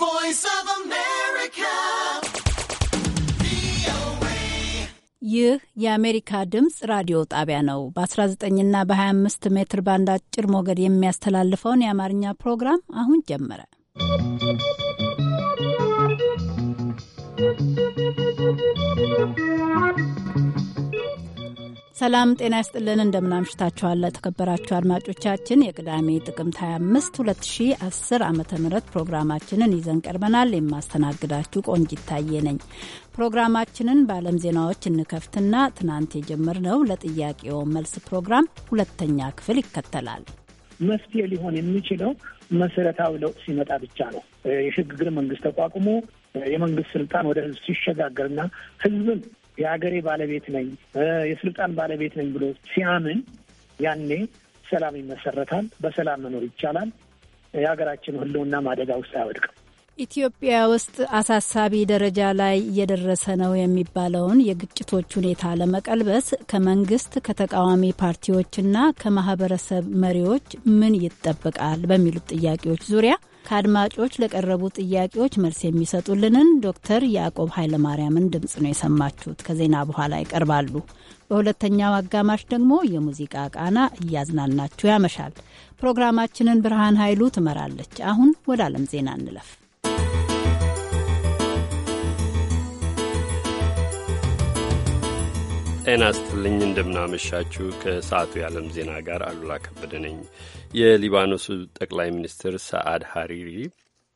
voice of America. ይህ የአሜሪካ ድምፅ ራዲዮ ጣቢያ ነው። በ19ና በ25 ሜትር ባንድ አጭር ሞገድ የሚያስተላልፈውን የአማርኛ ፕሮግራም አሁን ጀመረ። ሰላም ጤና ይስጥልን። እንደምናምሽታችኋለ ተከበራችሁ አድማጮቻችን የቅዳሜ ጥቅምት 25 2010 ዓ ም ፕሮግራማችንን ይዘን ቀርበናል። የማስተናግዳችሁ ቆንጅ ይታየ ነኝ። ፕሮግራማችንን በዓለም ዜናዎች እንከፍትና ትናንት የጀመርነው ለጥያቄው መልስ ፕሮግራም ሁለተኛ ክፍል ይከተላል። መፍትሄ ሊሆን የሚችለው መሰረታዊ ለውጥ ሲመጣ ብቻ ነው። የሽግግር መንግስት ተቋቁሞ የመንግስት ስልጣን ወደ ህዝብ ሲሸጋገርና ህዝብን የሀገሬ ባለቤት ነኝ፣ የስልጣን ባለቤት ነኝ ብሎ ሲያምን ያኔ ሰላም ይመሰረታል። በሰላም መኖር ይቻላል። የሀገራችን ህልውና አደጋ ውስጥ አያወድቅም። ኢትዮጵያ ውስጥ አሳሳቢ ደረጃ ላይ እየደረሰ ነው የሚባለውን የግጭቶች ሁኔታ ለመቀልበስ ከመንግስት ከተቃዋሚ ፓርቲዎችና ከማህበረሰብ መሪዎች ምን ይጠበቃል በሚሉት ጥያቄዎች ዙሪያ ከአድማጮች ለቀረቡ ጥያቄዎች መልስ የሚሰጡልንን ዶክተር ያዕቆብ ኃይለማርያምን ድምፅ ነው የሰማችሁት። ከዜና በኋላ ይቀርባሉ። በሁለተኛው አጋማሽ ደግሞ የሙዚቃ ቃና እያዝናናችሁ ያመሻል። ፕሮግራማችንን ብርሃን ኃይሉ ትመራለች። አሁን ወደ ዓለም ዜና እንለፍ። ጤና ስትልኝ እንደምናመሻችሁ። ከሰዓቱ የዓለም ዜና ጋር አሉላ ከበደ ነኝ። የሊባኖሱ ጠቅላይ ሚኒስትር ሰዓድ ሐሪሪ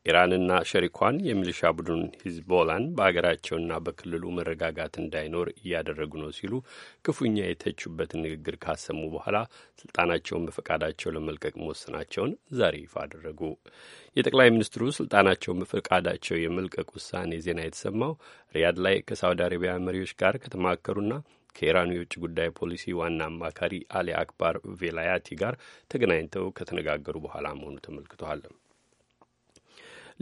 ኢራንና ሸሪኳን የሚሊሻ ቡድን ሂዝቦላን በሀገራቸውና በክልሉ መረጋጋት እንዳይኖር እያደረጉ ነው ሲሉ ክፉኛ የተቹበትን ንግግር ካሰሙ በኋላ ስልጣናቸውን በፈቃዳቸው ለመልቀቅ መወሰናቸውን ዛሬ ይፋ አደረጉ። የጠቅላይ ሚኒስትሩ ስልጣናቸውን በፈቃዳቸው የመልቀቅ ውሳኔ ዜና የተሰማው ሪያድ ላይ ከሳውዲ አረቢያ መሪዎች ጋር ከተማከሩና ከኢራኑ የውጭ ጉዳይ ፖሊሲ ዋና አማካሪ አሊ አክባር ቬላያቲ ጋር ተገናኝተው ከተነጋገሩ በኋላ መሆኑ ተመልክቷል።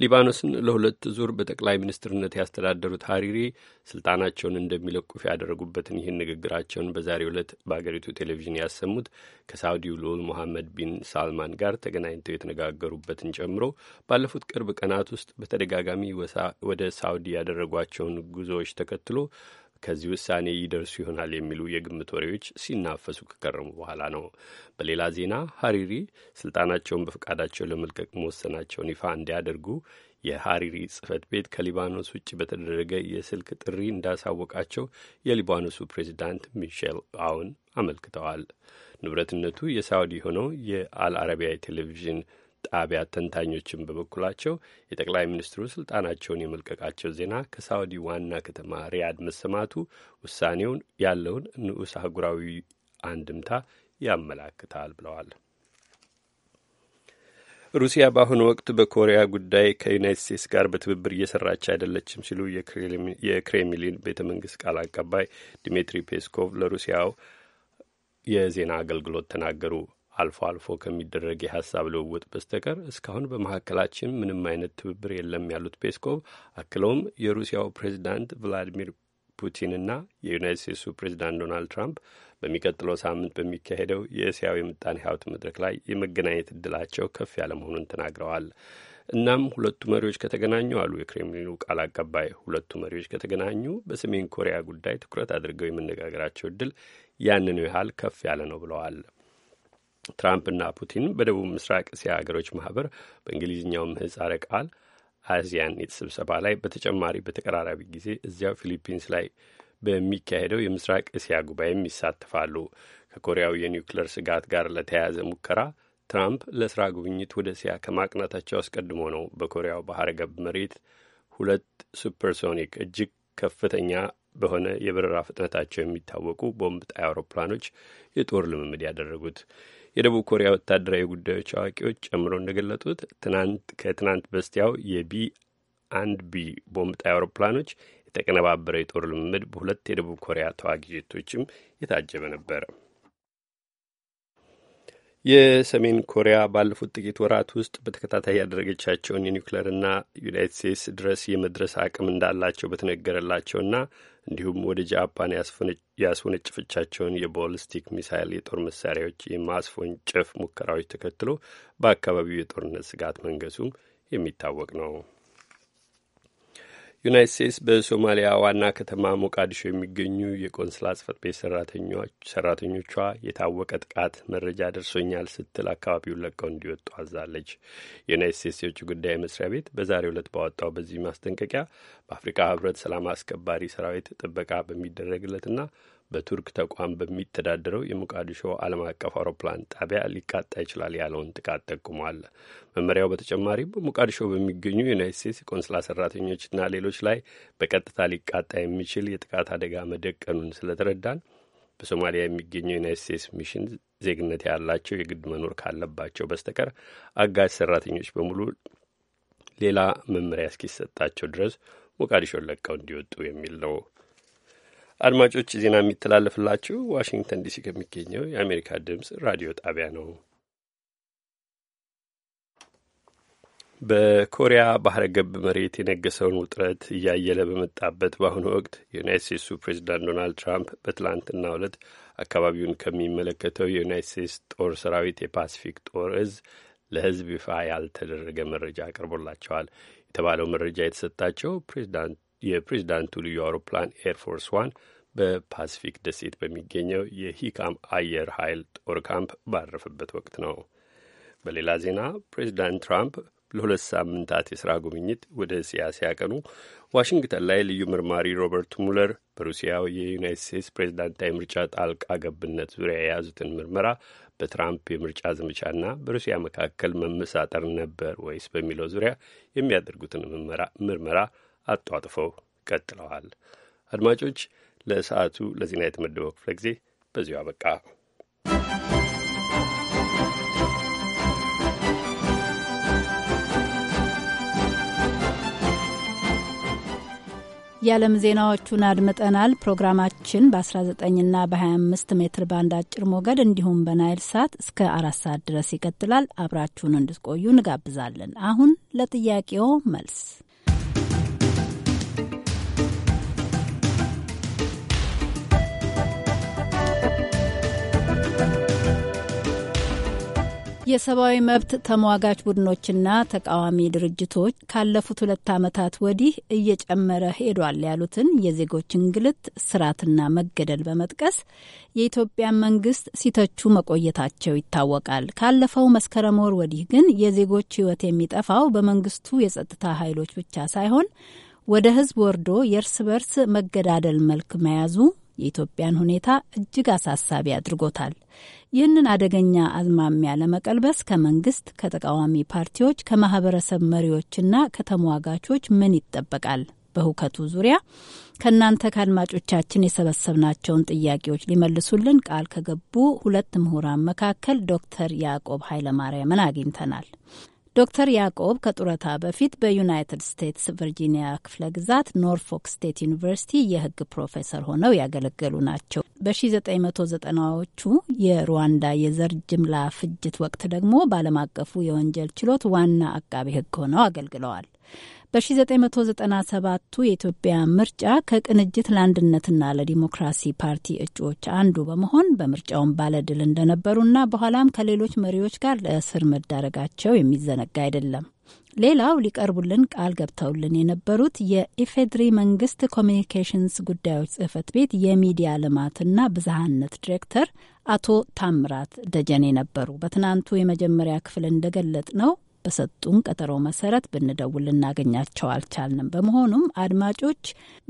ሊባኖስን ለሁለት ዙር በጠቅላይ ሚኒስትርነት ያስተዳደሩት ሀሪሪ ስልጣናቸውን እንደሚለቁፍ ያደረጉበትን ይህን ንግግራቸውን በዛሬው ዕለት በአገሪቱ ቴሌቪዥን ያሰሙት ከሳውዲው ልዑል ሞሐመድ ቢን ሳልማን ጋር ተገናኝተው የተነጋገሩበትን ጨምሮ ባለፉት ቅርብ ቀናት ውስጥ በተደጋጋሚ ወደ ሳውዲ ያደረጓቸውን ጉዞዎች ተከትሎ ከዚህ ውሳኔ ይደርሱ ይሆናል የሚሉ የግምት ወሬዎች ሲናፈሱ ከከረሙ በኋላ ነው። በሌላ ዜና ሀሪሪ ስልጣናቸውን በፈቃዳቸው ለመልቀቅ መወሰናቸውን ይፋ እንዲያደርጉ የሀሪሪ ጽህፈት ቤት ከሊባኖስ ውጭ በተደረገ የስልክ ጥሪ እንዳሳወቃቸው የሊባኖሱ ፕሬዚዳንት ሚሼል አውን አመልክተዋል። ንብረትነቱ የሳውዲ የሆነው የአልአረቢያ ቴሌቪዥን ጣቢያ ተንታኞችን በበኩላቸው የጠቅላይ ሚኒስትሩ ስልጣናቸውን የመልቀቃቸው ዜና ከሳውዲ ዋና ከተማ ሪያድ መሰማቱ ውሳኔውን ያለውን ንዑስ አህጉራዊ አንድምታ ያመላክታል ብለዋል። ሩሲያ በአሁኑ ወቅት በኮሪያ ጉዳይ ከዩናይት ስቴትስ ጋር በትብብር እየሰራች አይደለችም ሲሉ የክሬምሊን ቤተ መንግስት ቃል አቀባይ ዲሚትሪ ፔስኮቭ ለሩሲያው የዜና አገልግሎት ተናገሩ። አልፎ አልፎ ከሚደረግ የሀሳብ ልውውጥ በስተቀር እስካሁን በመካከላችን ምንም አይነት ትብብር የለም ያሉት ፔስኮቭ አክለውም የሩሲያው ፕሬዚዳንት ቭላዲሚር ፑቲንና የዩናይት ስቴትሱ ፕሬዚዳንት ዶናልድ ትራምፕ በሚቀጥለው ሳምንት በሚካሄደው የእስያዊ ምጣኔ ሀብት መድረክ ላይ የመገናኘት እድላቸው ከፍ ያለ መሆኑን ተናግረዋል። እናም ሁለቱ መሪዎች ከተገናኙ አሉ የክሬምሊኑ ቃል አቀባይ፣ ሁለቱ መሪዎች ከተገናኙ በሰሜን ኮሪያ ጉዳይ ትኩረት አድርገው የመነጋገራቸው እድል ያንኑ ያህል ከፍ ያለ ነው ብለዋል። ትራምፕና ፑቲን በደቡብ ምስራቅ እስያ ሀገሮች ማህበር በእንግሊዝኛው ምህጻረ ቃል አዚያን ስብሰባ ላይ በተጨማሪ በተቀራራቢ ጊዜ እዚያው ፊሊፒንስ ላይ በሚካሄደው የምስራቅ እስያ ጉባኤም ይሳተፋሉ። ከኮሪያው የኒውክሌር ስጋት ጋር ለተያያዘ ሙከራ ትራምፕ ለስራ ጉብኝት ወደ እስያ ከማቅናታቸው አስቀድሞ ነው በኮሪያው ባህረ ገብ መሬት ሁለት ሱፐርሶኒክ እጅግ ከፍተኛ በሆነ የበረራ ፍጥነታቸው የሚታወቁ ቦምብ ጣይ አውሮፕላኖች የጦር ልምምድ ያደረጉት። የደቡብ ኮሪያ ወታደራዊ ጉዳዮች አዋቂዎች ጨምሮ እንደገለጡት ከትናንት በስቲያው የቢ አንድ ቢ ቦምብ ጣይ አውሮፕላኖች የተቀነባበረ የጦር ልምምድ በሁለት የደቡብ ኮሪያ ተዋጊ ጄቶችም የታጀበ ነበረ። የሰሜን ኮሪያ ባለፉት ጥቂት ወራት ውስጥ በተከታታይ ያደረገቻቸውን የኒውክሌርና ዩናይትድ ስቴትስ ድረስ የመድረስ አቅም እንዳላቸው በተነገረላቸውና እንዲሁም ወደ ጃፓን ያስወነጭፍቻቸውን የቦሊስቲክ ሚሳይል የጦር መሳሪያዎች የማስወንጨፍ ሙከራዎች ተከትሎ በአካባቢው የጦርነት ስጋት መንገሱም የሚታወቅ ነው። ዩናይት ስቴትስ በሶማሊያ ዋና ከተማ ሞቃዲሾ የሚገኙ የቆንስላ ጽፈት ቤት ሰራተኞቿ የታወቀ ጥቃት መረጃ ደርሶኛል ስትል አካባቢውን ለቀው እንዲወጡ አዛለች። የዩናይት ስቴትስ የውጭ ጉዳይ መስሪያ ቤት በዛሬው ዕለት ባወጣው በዚህ ማስጠንቀቂያ በአፍሪካ ህብረት ሰላም አስከባሪ ሰራዊት ጥበቃ በሚደረግለትና በቱርክ ተቋም በሚተዳደረው የሞቃዲሾ ዓለም አቀፍ አውሮፕላን ጣቢያ ሊቃጣ ይችላል ያለውን ጥቃት ጠቁሟል። መመሪያው በተጨማሪም በሞቃዲሾ በሚገኙ ዩናይት ስቴትስ የቆንስላ ሰራተኞችና ሌሎች ላይ በቀጥታ ሊቃጣ የሚችል የጥቃት አደጋ መደቀኑን ስለተረዳን በሶማሊያ የሚገኘው ዩናይት ስቴትስ ሚሽን ዜግነት ያላቸው የግድ መኖር ካለባቸው በስተቀር አጋዥ ሰራተኞች በሙሉ ሌላ መመሪያ እስኪሰጣቸው ድረስ ሞቃዲሾን ለቀው እንዲወጡ የሚል ነው። አድማጮች ዜና የሚተላለፍላችሁ ዋሽንግተን ዲሲ ከሚገኘው የአሜሪካ ድምፅ ራዲዮ ጣቢያ ነው። በኮሪያ ባህረ ገብ መሬት የነገሰውን ውጥረት እያየለ በመጣበት በአሁኑ ወቅት የዩናይት ስቴትሱ ፕሬዚዳንት ዶናልድ ትራምፕ በትላንትናው ዕለት አካባቢውን ከሚመለከተው የዩናይት ስቴትስ ጦር ሰራዊት የፓሲፊክ ጦር እዝ ለሕዝብ ይፋ ያልተደረገ መረጃ አቅርቦላቸዋል የተባለው መረጃ የተሰጣቸው ፕሬዚዳንት የፕሬዚዳንቱ ልዩ አውሮፕላን ኤርፎርስ ዋን በፓሲፊክ ደሴት በሚገኘው የሂካም አየር ኃይል ጦር ካምፕ ባረፈበት ወቅት ነው። በሌላ ዜና ፕሬዚዳንት ትራምፕ ለሁለት ሳምንታት የሥራ ጉብኝት ወደ እስያ ሲያቀኑ ዋሽንግተን ላይ ልዩ ምርማሪ ሮበርት ሙለር በሩሲያው የዩናይት ስቴትስ ፕሬዚዳንታዊ ምርጫ ጣልቃ ገብነት ዙሪያ የያዙትን ምርመራ በትራምፕ የምርጫ ዘመቻና በሩሲያ መካከል መመሳጠር ነበር ወይስ በሚለው ዙሪያ የሚያደርጉትን ምርመራ አጧጥፈው ቀጥለዋል። አድማጮች፣ ለሰዓቱ ለዜና የተመደበው ክፍለ ጊዜ በዚሁ አበቃ። የዓለም ዜናዎቹን አድምጠናል። ፕሮግራማችን በ19ና በ25 ሜትር ባንድ አጭር ሞገድ እንዲሁም በናይል ሳት እስከ አራት ሰዓት ድረስ ይቀጥላል። አብራችሁን እንድትቆዩ እንጋብዛለን። አሁን ለጥያቄው መልስ የሰብአዊ መብት ተሟጋች ቡድኖችና ተቃዋሚ ድርጅቶች ካለፉት ሁለት ዓመታት ወዲህ እየጨመረ ሄዷል ያሉትን የዜጎች እንግልት፣ ስራትና መገደል በመጥቀስ የኢትዮጵያን መንግስት ሲተቹ መቆየታቸው ይታወቃል። ካለፈው መስከረም ወር ወዲህ ግን የዜጎች ህይወት የሚጠፋው በመንግስቱ የጸጥታ ኃይሎች ብቻ ሳይሆን ወደ ህዝብ ወርዶ የእርስ በርስ መገዳደል መልክ መያዙ የኢትዮጵያን ሁኔታ እጅግ አሳሳቢ አድርጎታል። ይህንን አደገኛ አዝማሚያ ለመቀልበስ ከመንግስት፣ ከተቃዋሚ ፓርቲዎች፣ ከማህበረሰብ መሪዎችና ከተሟጋቾች ምን ይጠበቃል? በሁከቱ ዙሪያ ከእናንተ ከአድማጮቻችን የሰበሰብናቸውን ጥያቄዎች ሊመልሱልን ቃል ከገቡ ሁለት ምሁራን መካከል ዶክተር ያዕቆብ ኃይለማርያምን አግኝተናል። ዶክተር ያዕቆብ ከጡረታ በፊት በዩናይትድ ስቴትስ ቨርጂኒያ ክፍለ ግዛት ኖርፎክ ስቴት ዩኒቨርሲቲ የሕግ ፕሮፌሰር ሆነው ያገለገሉ ናቸው። በ1990ዎቹ የሩዋንዳ የዘር ጅምላ ፍጅት ወቅት ደግሞ በዓለም አቀፉ የወንጀል ችሎት ዋና አቃቤ ሕግ ሆነው አገልግለዋል። በ1997ቱ የኢትዮጵያ ምርጫ ከቅንጅት ለአንድነትና ለዲሞክራሲ ፓርቲ እጩዎች አንዱ በመሆን በምርጫውን ባለድል እንደነበሩና በኋላም ከሌሎች መሪዎች ጋር ለእስር መዳረጋቸው የሚዘነጋ አይደለም። ሌላው ሊቀርቡልን ቃል ገብተውልን የነበሩት የኢፌድሪ መንግስት ኮሚኒኬሽንስ ጉዳዮች ጽህፈት ቤት የሚዲያ ልማትና ብዝሃነት ዲሬክተር አቶ ታምራት ደጀኔ ነበሩ። በትናንቱ የመጀመሪያ ክፍል እንደገለጥ ነው በሰጡን ቀጠሮ መሰረት ብንደውል ልናገኛቸው አልቻልንም። በመሆኑም አድማጮች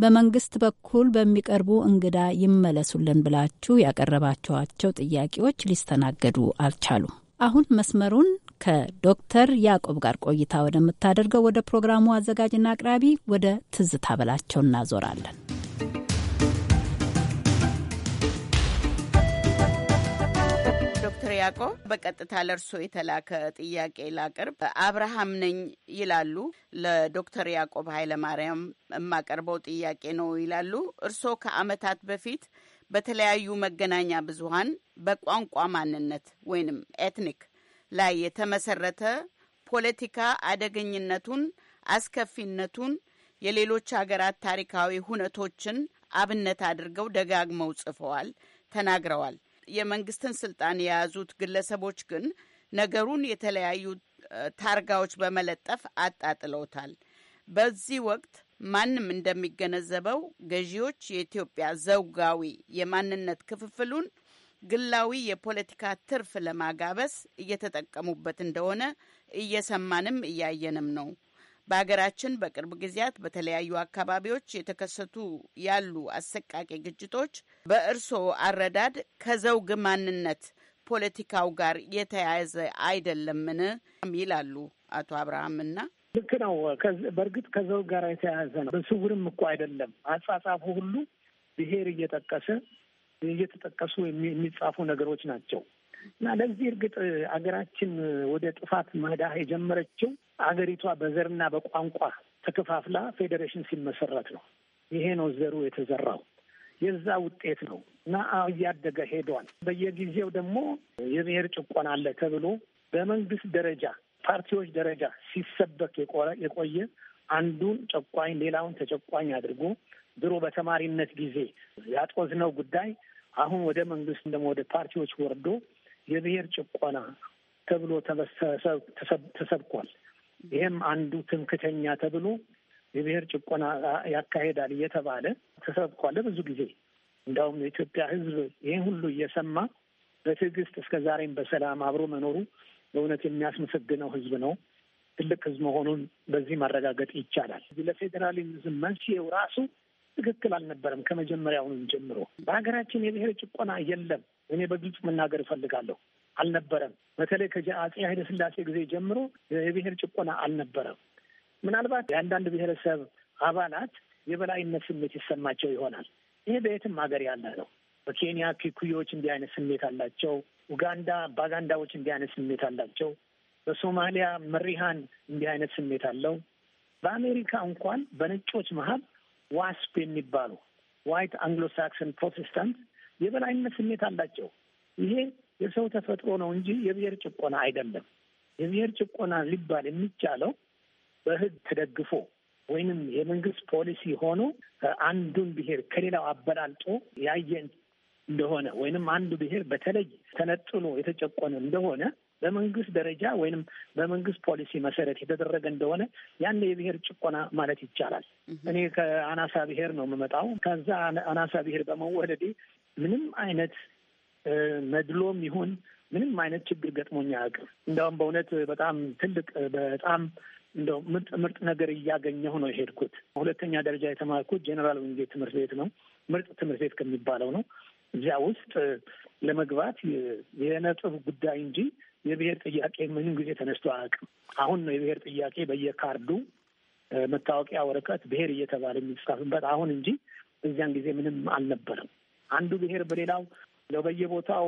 በመንግስት በኩል በሚቀርቡ እንግዳ ይመለሱልን ብላችሁ ያቀረባችኋቸው ጥያቄዎች ሊስተናገዱ አልቻሉም። አሁን መስመሩን ከዶክተር ያዕቆብ ጋር ቆይታ ወደምታደርገው ወደ ፕሮግራሙ አዘጋጅና አቅራቢ ወደ ትዝታ በላቸው እናዞራለን። ዶክተር ያዕቆብ በቀጥታ ለእርሶ የተላከ ጥያቄ ላቅርብ። አብርሃም ነኝ ይላሉ። ለዶክተር ያዕቆብ ኃይለማርያም የማቀርበው ጥያቄ ነው ይላሉ። እርሶ ከአመታት በፊት በተለያዩ መገናኛ ብዙሃን በቋንቋ ማንነት ወይንም ኤትኒክ ላይ የተመሰረተ ፖለቲካ አደገኝነቱን፣ አስከፊነቱን፣ የሌሎች ሀገራት ታሪካዊ ሁነቶችን አብነት አድርገው ደጋግመው ጽፈዋል፣ ተናግረዋል። የመንግስትን ስልጣን የያዙት ግለሰቦች ግን ነገሩን የተለያዩ ታርጋዎች በመለጠፍ አጣጥለውታል። በዚህ ወቅት ማንም እንደሚገነዘበው ገዢዎች የኢትዮጵያ ዘውጋዊ የማንነት ክፍፍሉን ግላዊ የፖለቲካ ትርፍ ለማጋበስ እየተጠቀሙበት እንደሆነ እየሰማንም እያየንም ነው። በሀገራችን በቅርብ ጊዜያት በተለያዩ አካባቢዎች የተከሰቱ ያሉ አሰቃቂ ግጭቶች በእርስዎ አረዳድ ከዘውግ ማንነት ፖለቲካው ጋር የተያያዘ አይደለምን? ይላሉ አቶ እና ልክ ነው። በእርግጥ ከዘውግ ጋር የተያያዘ ነው። በስውርም እኮ አይደለም። አጻጻፉ ሁሉ ብሔር እየጠቀሰ እየተጠቀሱ የሚጻፉ ነገሮች ናቸው እና ለዚህ እርግጥ አገራችን ወደ ጥፋት መዳህ የጀመረችው አገሪቷ በዘርና በቋንቋ ተከፋፍላ ፌዴሬሽን ሲመሰረት ነው። ይሄ ነው ዘሩ የተዘራው የዛ ውጤት ነው እና እያደገ ሄዷል። በየጊዜው ደግሞ የብሔር ጭቆና አለ ተብሎ በመንግስት ደረጃ ፓርቲዎች ደረጃ ሲሰበክ የቆየ አንዱን ጨቋኝ ሌላውን ተጨቋኝ አድርጎ ድሮ በተማሪነት ጊዜ ያጦዝነው ጉዳይ አሁን ወደ መንግስት ደግሞ ወደ ፓርቲዎች ወርዶ የብሔር ጭቆና ተብሎ ተሰብኳል። ይሄም አንዱ ትምክተኛ ተብሎ የብሔር ጭቆና ያካሄዳል እየተባለ ተሰብኳለ ብዙ ጊዜ። እንዲያውም የኢትዮጵያ ሕዝብ ይህን ሁሉ እየሰማ በትዕግስት እስከ ዛሬም በሰላም አብሮ መኖሩ በእውነት የሚያስመሰግነው ሕዝብ ነው። ትልቅ ሕዝብ መሆኑን በዚህ ማረጋገጥ ይቻላል። ለፌዴራሊዝም መንስኤው ራሱ ትክክል አልነበረም ከመጀመሪያውንም ጀምሮ። በሀገራችን የብሔር ጭቆና የለም። እኔ በግልጽ መናገር እፈልጋለሁ። አልነበረም። በተለይ ኃይለ ኃይለሥላሴ ጊዜ ጀምሮ የብሔር ጭቆና አልነበረም። ምናልባት የአንዳንድ ብሔረሰብ አባላት የበላይነት ስሜት ይሰማቸው ይሆናል። ይሄ በየትም ሀገር ያለ ነው። በኬንያ ኪኩዮች እንዲህ አይነት ስሜት አላቸው። ኡጋንዳ ባጋንዳዎች እንዲህ አይነት ስሜት አላቸው። በሶማሊያ መሪሃን እንዲህ አይነት ስሜት አለው። በአሜሪካ እንኳን በነጮች መሀል ዋስፕ የሚባሉ ዋይት አንግሎ ሳክሰን ፕሮቴስታንት የበላይነት ስሜት አላቸው። ይሄ የሰው ተፈጥሮ ነው እንጂ የብሔር ጭቆና አይደለም። የብሔር ጭቆና ሊባል የሚቻለው በህግ ተደግፎ ወይንም የመንግስት ፖሊሲ ሆኖ አንዱን ብሔር ከሌላው አበላልጦ ያየን እንደሆነ ወይንም አንዱ ብሔር በተለይ ተነጥሎ የተጨቆነ እንደሆነ በመንግስት ደረጃ ወይንም በመንግስት ፖሊሲ መሰረት የተደረገ እንደሆነ ያን የብሔር ጭቆና ማለት ይቻላል። እኔ ከአናሳ ብሔር ነው የምመጣው። ከዛ አናሳ ብሔር በመወለዴ ምንም አይነት መድሎም ይሁን ምንም አይነት ችግር ገጥሞኛ አያውቅም። እንደውም በእውነት በጣም ትልቅ በጣም እንደው ምርጥ ምርጥ ነገር እያገኘሁ ነው የሄድኩት። ሁለተኛ ደረጃ የተማርኩት ጄኔራል ወንጌል ትምህርት ቤት ነው። ምርጥ ትምህርት ቤት ከሚባለው ነው። እዚያ ውስጥ ለመግባት የነጥብ ጉዳይ እንጂ የብሔር ጥያቄ ምንም ጊዜ ተነስቶ አያውቅም። አሁን ነው የብሔር ጥያቄ በየካርዱ መታወቂያ ወረቀት ብሔር እየተባለ የሚጻፍበት አሁን እንጂ እዚያን ጊዜ ምንም አልነበረም። አንዱ ብሔር በሌላው እንደው በየቦታው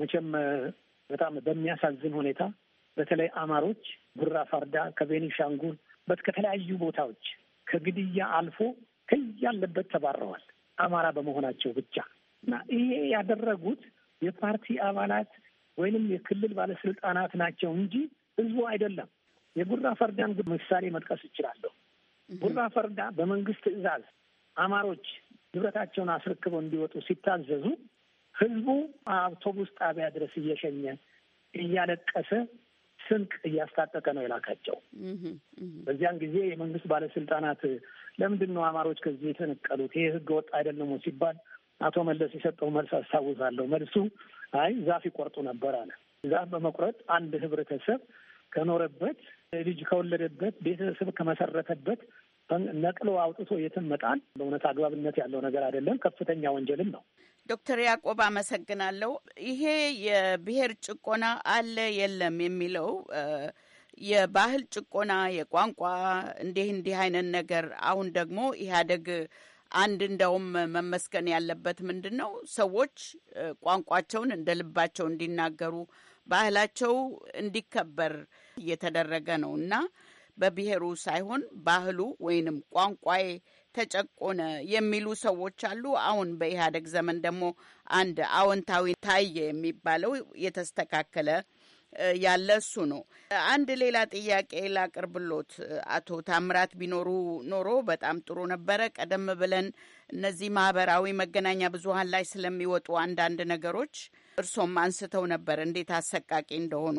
መቼም በጣም በሚያሳዝን ሁኔታ በተለይ አማሮች ጉራ ፋርዳ፣ ከቤኒሻንጉል ከተለያዩ ቦታዎች ከግድያ አልፎ ከያለበት ተባረዋል። አማራ በመሆናቸው ብቻ እና ይሄ ያደረጉት የፓርቲ አባላት ወይንም የክልል ባለስልጣናት ናቸው እንጂ ህዝቡ አይደለም። የጉራ ፈርዳን ምሳሌ መጥቀስ እችላለሁ። ጉራ ፈርዳ በመንግስት ትዕዛዝ አማሮች ንብረታቸውን አስረክበው እንዲወጡ ሲታዘዙ ህዝቡ አውቶቡስ ጣቢያ ድረስ እየሸኘ እያለቀሰ ስንቅ እያስታጠቀ ነው የላካቸው። በዚያን ጊዜ የመንግስት ባለስልጣናት ለምንድን ነው አማሮች ከዚህ የተነቀሉት? ይህ ህገ ወጥ አይደለም ሲባል አቶ መለስ የሰጠው መልስ አስታውሳለሁ። መልሱ አይ ዛፍ ይቆርጡ ነበር አለ። ዛፍ በመቁረጥ አንድ ህብረተሰብ ከኖረበት ልጅ ከወለደበት ቤተሰብ ከመሰረተበት ነቅሎ አውጥቶ የትም መጣን በእውነት አግባብነት ያለው ነገር አይደለም፣ ከፍተኛ ወንጀልም ነው። ዶክተር ያዕቆብ አመሰግናለሁ። ይሄ የብሔር ጭቆና አለ የለም የሚለው የባህል ጭቆና፣ የቋንቋ እንዲህ እንዲህ አይነት ነገር አሁን ደግሞ ኢህአዴግ አንድ እንደውም መመስገን ያለበት ምንድን ነው ሰዎች ቋንቋቸውን እንደ ልባቸው እንዲናገሩ ባህላቸው እንዲከበር እየተደረገ ነው እና በብሔሩ ሳይሆን ባህሉ ወይንም ቋንቋዬ ተጨቆነ የሚሉ ሰዎች አሉ። አሁን በኢህአዴግ ዘመን ደግሞ አንድ አዎንታዊ ታየ የሚባለው የተስተካከለ ያለ እሱ ነው። አንድ ሌላ ጥያቄ ላቅርብሎት አቶ ታምራት ቢኖሩ ኖሮ በጣም ጥሩ ነበረ። ቀደም ብለን እነዚህ ማህበራዊ መገናኛ ብዙሀን ላይ ስለሚወጡ አንዳንድ ነገሮች እርሶም አንስተው ነበር እንዴት አሰቃቂ እንደሆኑ።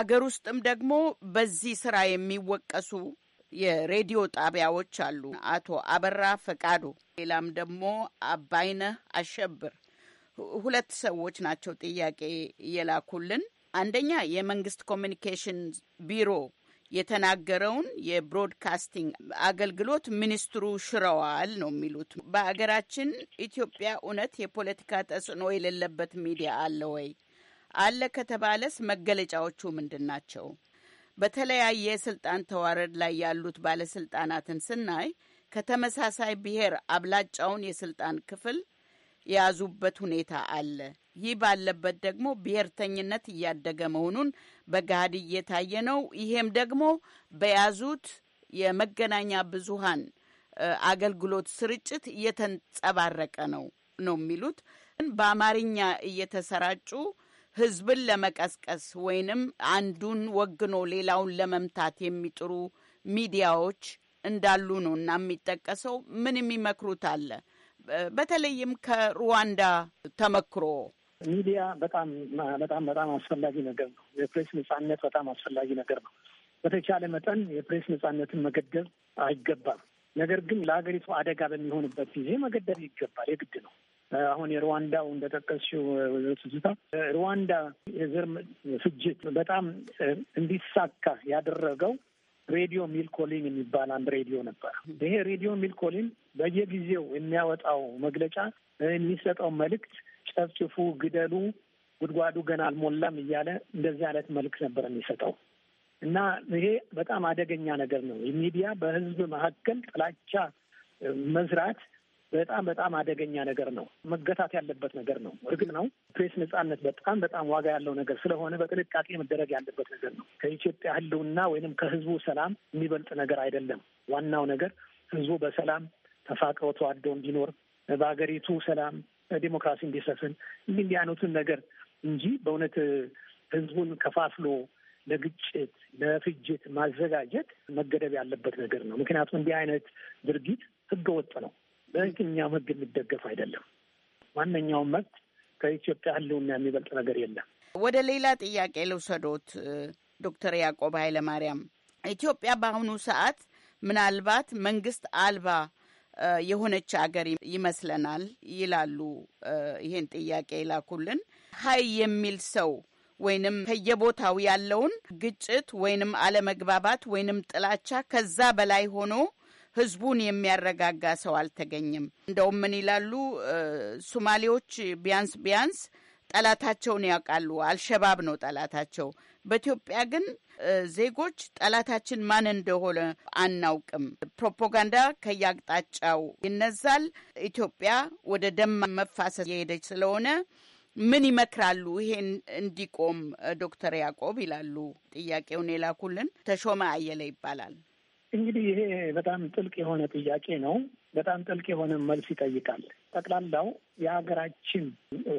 አገር ውስጥም ደግሞ በዚህ ስራ የሚወቀሱ የሬዲዮ ጣቢያዎች አሉ። አቶ አበራ ፈቃዱ፣ ሌላም ደግሞ አባይነህ አሸብር ሁለት ሰዎች ናቸው ጥያቄ የላኩልን። አንደኛ የመንግስት ኮሚኒኬሽን ቢሮ የተናገረውን የብሮድካስቲንግ አገልግሎት ሚኒስትሩ ሽረዋል ነው የሚሉት። በሀገራችን ኢትዮጵያ እውነት የፖለቲካ ተጽዕኖ የሌለበት ሚዲያ አለ ወይ? አለ ከተባለስ መገለጫዎቹ ምንድን ናቸው? በተለያየ የስልጣን ተዋረድ ላይ ያሉት ባለስልጣናትን ስናይ ከተመሳሳይ ብሔር አብላጫውን የስልጣን ክፍል የያዙበት ሁኔታ አለ። ይህ ባለበት ደግሞ ብሔርተኝነት እያደገ መሆኑን በገሃድ እየታየ ነው። ይሄም ደግሞ በያዙት የመገናኛ ብዙሃን አገልግሎት ስርጭት እየተንጸባረቀ ነው ነው የሚሉት በአማርኛ እየተሰራጩ ህዝብን ለመቀስቀስ ወይንም አንዱን ወግኖ ሌላውን ለመምታት የሚጥሩ ሚዲያዎች እንዳሉ ነው እና የሚጠቀሰው ምን የሚመክሩት አለ? በተለይም ከሩዋንዳ ተመክሮ ሚዲያ በጣም በጣም በጣም አስፈላጊ ነገር ነው። የፕሬስ ነጻነት በጣም አስፈላጊ ነገር ነው። በተቻለ መጠን የፕሬስ ነጻነትን መገደብ አይገባም። ነገር ግን ለሀገሪቱ አደጋ በሚሆንበት ጊዜ መገደብ ይገባል፣ የግድ ነው። አሁን የሩዋንዳው እንደጠቀስሽው ትዝታ ሩዋንዳ የዘር ፍጅት በጣም እንዲሳካ ያደረገው ሬዲዮ ሚል ኮሊን የሚባል አንድ ሬዲዮ ነበር። ይሄ ሬዲዮ ሚል ኮሊን በየጊዜው የሚያወጣው መግለጫ፣ የሚሰጠው መልእክት ጨፍጭፉ፣ ግደሉ፣ ጉድጓዱ ገና አልሞላም እያለ እንደዚህ አይነት መልእክት ነበር የሚሰጠው እና ይሄ በጣም አደገኛ ነገር ነው። ሚዲያ በህዝብ መካከል ጥላቻ መዝራት በጣም በጣም አደገኛ ነገር ነው። መገታት ያለበት ነገር ነው። እርግጥ ነው ፕሬስ ነጻነት በጣም በጣም ዋጋ ያለው ነገር ስለሆነ በጥንቃቄ መደረግ ያለበት ነገር ነው። ከኢትዮጵያ ሕልውና ወይንም ከህዝቡ ሰላም የሚበልጥ ነገር አይደለም። ዋናው ነገር ህዝቡ በሰላም ተፋቅሮ ተዋዶ እንዲኖር በሀገሪቱ ሰላም፣ ዲሞክራሲ እንዲሰፍን እንዲህ አይነቱን ነገር እንጂ በእውነት ህዝቡን ከፋፍሎ ለግጭት ለፍጅት ማዘጋጀት መገደብ ያለበት ነገር ነው። ምክንያቱም እንዲህ አይነት ድርጊት ህገወጥ ነው። በየትኛው ህግ የሚደገፍ አይደለም። ዋነኛውም መብት ከኢትዮጵያ ህልውና የሚበልጥ ነገር የለም። ወደ ሌላ ጥያቄ ልውሰዶት ዶክተር ያዕቆብ ኃይለማርያም ኢትዮጵያ በአሁኑ ሰዓት ምናልባት መንግስት አልባ የሆነች አገር ይመስለናል ይላሉ ይህን ጥያቄ ይላኩልን። ሀይ የሚል ሰው ወይንም ከየቦታው ያለውን ግጭት ወይንም አለመግባባት ወይንም ጥላቻ ከዛ በላይ ሆኖ ህዝቡን የሚያረጋጋ ሰው አልተገኘም። እንደውም ምን ይላሉ ሶማሌዎች ቢያንስ ቢያንስ ጠላታቸውን ያውቃሉ። አልሸባብ ነው ጠላታቸው። በኢትዮጵያ ግን ዜጎች ጠላታችን ማን እንደሆነ አናውቅም። ፕሮፓጋንዳ ከያቅጣጫው ይነዛል። ኢትዮጵያ ወደ ደም መፋሰስ የሄደች ስለሆነ ምን ይመክራሉ? ይሄን እንዲቆም ዶክተር ያዕቆብ ይላሉ። ጥያቄውን የላኩልን ተሾመ አየለ ይባላል። እንግዲህ ይሄ በጣም ጥልቅ የሆነ ጥያቄ ነው። በጣም ጥልቅ የሆነ መልስ ይጠይቃል። ጠቅላላው የሀገራችን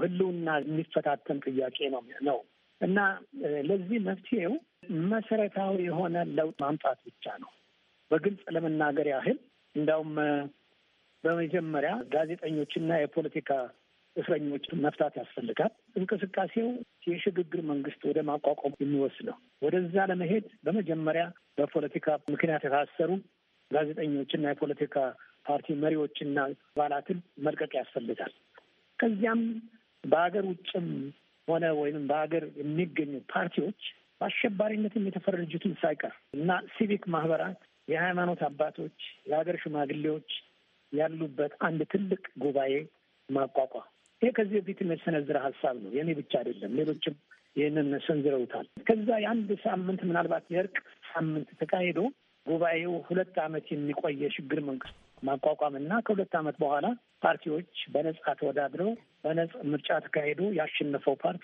ሕልውና የሚፈታተን ጥያቄ ነው ነው እና ለዚህ መፍትሄው መሰረታዊ የሆነ ለውጥ ማምጣት ብቻ ነው። በግልጽ ለመናገር ያህል እንዲያውም በመጀመሪያ ጋዜጠኞችና የፖለቲካ እስረኞችን መፍታት ያስፈልጋል። እንቅስቃሴው የሽግግር መንግስት ወደ ማቋቋም የሚወስደው ወደዛ ለመሄድ በመጀመሪያ በፖለቲካ ምክንያት የታሰሩ ጋዜጠኞችና የፖለቲካ ፓርቲ መሪዎችና አባላትን መልቀቅ ያስፈልጋል። ከዚያም በሀገር ውጭም ሆነ ወይም በሀገር የሚገኙ ፓርቲዎች በአሸባሪነትም የተፈረጁትን ሳይቀር እና ሲቪክ ማህበራት፣ የሃይማኖት አባቶች፣ የሀገር ሽማግሌዎች ያሉበት አንድ ትልቅ ጉባኤ ማቋቋም ይህ ከዚህ በፊት የተሰነዘረ ሀሳብ ነው። የኔ ብቻ አይደለም፣ ሌሎችም ይህንን ሰንዝረውታል። ከዛ የአንድ ሳምንት ምናልባት የእርቅ ሳምንት ተካሂዶ ጉባኤው ሁለት ዓመት የሚቆይ የሽግግር መንግስት ማቋቋም እና ከሁለት ዓመት በኋላ ፓርቲዎች በነጻ ተወዳድረው በነጻ ምርጫ ተካሂዶ ያሸነፈው ፓርቲ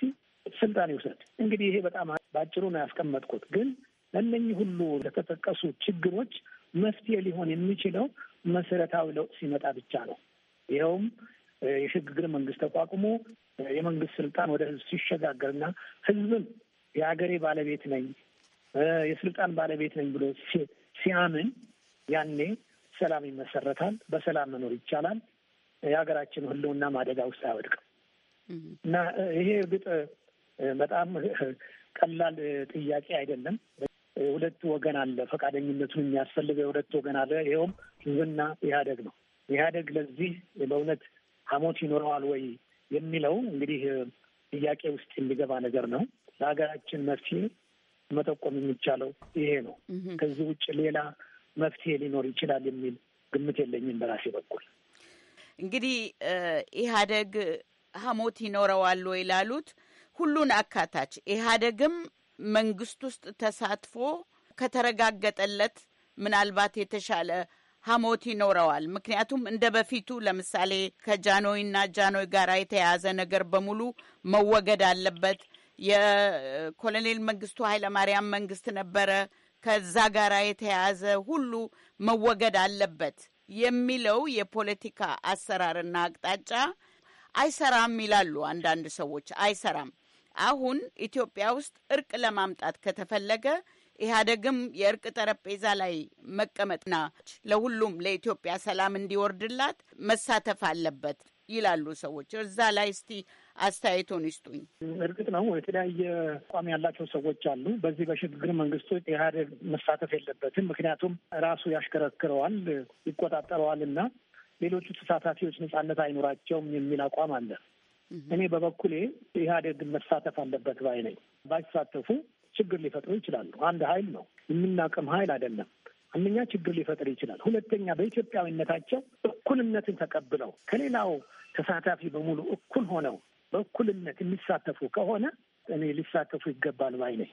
ስልጣን ይውሰድ። እንግዲህ ይሄ በጣም በአጭሩ ነው ያስቀመጥኩት። ግን ለእነኚህ ሁሉ ለተጠቀሱ ችግሮች መፍትሄ ሊሆን የሚችለው መሰረታዊ ለውጥ ሲመጣ ብቻ ነው። ይኸውም የሽግግር መንግስት ተቋቁሞ የመንግስት ስልጣን ወደ ህዝብ ሲሸጋገርና ህዝብም የሀገሬ ባለቤት ነኝ የስልጣን ባለቤት ነኝ ብሎ ሲያምን ያኔ ሰላም ይመሰረታል። በሰላም መኖር ይቻላል። የሀገራችን ህልውና አደጋ ውስጥ አያወድቅም እና ይሄ እርግጥ በጣም ቀላል ጥያቄ አይደለም። ሁለቱ ወገን አለ፣ ፈቃደኝነቱን የሚያስፈልገው የሁለት ወገን አለ። ይኸውም ህዝብና ኢህአደግ ነው። ኢህአደግ ለዚህ በእውነት ሐሞት ይኖረዋል ወይ የሚለው እንግዲህ ጥያቄ ውስጥ የሚገባ ነገር ነው። ለሀገራችን መፍትሄ መጠቆም የሚቻለው ይሄ ነው። ከዚህ ውጭ ሌላ መፍትሄ ሊኖር ይችላል የሚል ግምት የለኝም በራሴ በኩል። እንግዲህ ኢህአደግ ሐሞት ይኖረዋል ወይ ላሉት ሁሉን አካታች ኢህአደግም መንግስት ውስጥ ተሳትፎ ከተረጋገጠለት ምናልባት የተሻለ ሐሞት ይኖረዋል። ምክንያቱም እንደ በፊቱ ለምሳሌ ከጃኖይና ጃኖይ ጋር የተያያዘ ነገር በሙሉ መወገድ አለበት። የኮሎኔል መንግስቱ ኃይለማርያም መንግስት ነበረ፣ ከዛ ጋር የተያያዘ ሁሉ መወገድ አለበት የሚለው የፖለቲካ አሰራርና አቅጣጫ አይሰራም ይላሉ አንዳንድ ሰዎች። አይሰራም። አሁን ኢትዮጵያ ውስጥ እርቅ ለማምጣት ከተፈለገ ኢህአዴግም የእርቅ ጠረጴዛ ላይ መቀመጥና ለሁሉም ለኢትዮጵያ ሰላም እንዲወርድላት መሳተፍ አለበት ይላሉ ሰዎች። እዛ ላይ እስቲ አስተያየቶን ይስጡኝ። እርግጥ ነው የተለያየ አቋም ያላቸው ሰዎች አሉ። በዚህ በሽግግር መንግስቱ ኢህአዴግ መሳተፍ የለበትም፣ ምክንያቱም ራሱ ያሽከረክረዋል፣ ይቆጣጠረዋል እና ሌሎቹ ተሳታፊዎች ነጻነት አይኖራቸውም የሚል አቋም አለ። እኔ በበኩሌ ኢህአዴግ መሳተፍ አለበት ባይ ነኝ። ባይሳተፉ ችግር ሊፈጥሩ ይችላሉ። አንድ ኃይል ነው የምናቅም ኃይል አይደለም። አንደኛ ችግር ሊፈጥር ይችላል። ሁለተኛ በኢትዮጵያዊነታቸው እኩልነትን ተቀብለው ከሌላው ተሳታፊ በሙሉ እኩል ሆነው በእኩልነት የሚሳተፉ ከሆነ እኔ ሊሳተፉ ይገባል ባይ ነኝ።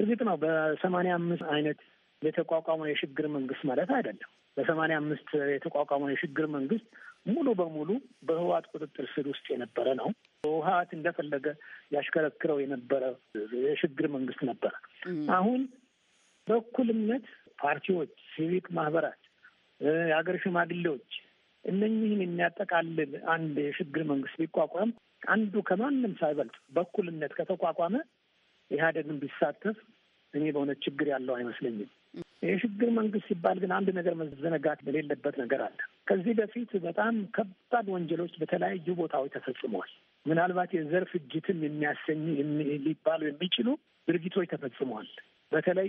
እርግጥ ነው በሰማንያ አምስት አይነት የተቋቋመው የሽግግር መንግስት ማለት አይደለም። በሰማንያ አምስት የተቋቋመው የሽግግር መንግስት ሙሉ በሙሉ በህወሓት ቁጥጥር ስር ውስጥ የነበረ ነው። ህወሀት እንደፈለገ ያሽከረክረው የነበረ የሽግግር መንግስት ነበረ። አሁን በእኩልነት ፓርቲዎች፣ ሲቪክ ማህበራት፣ የሀገር ሽማግሌዎች እነኚህን የሚያጠቃልል አንድ የሽግግር መንግስት ቢቋቋም አንዱ ከማንም ሳይበልጥ በእኩልነት ከተቋቋመ ኢህአዴግን ቢሳተፍ እኔ በእውነት ችግር ያለው አይመስለኝም። የሽግግር መንግስት ሲባል ግን አንድ ነገር መዘነጋት የሌለበት ነገር አለ። ከዚህ በፊት በጣም ከባድ ወንጀሎች በተለያዩ ቦታዎች ተፈጽመዋል። ምናልባት የዘር ፍጅትም የሚያሰኝ ሊባሉ የሚችሉ ድርጊቶች ተፈጽመዋል። በተለይ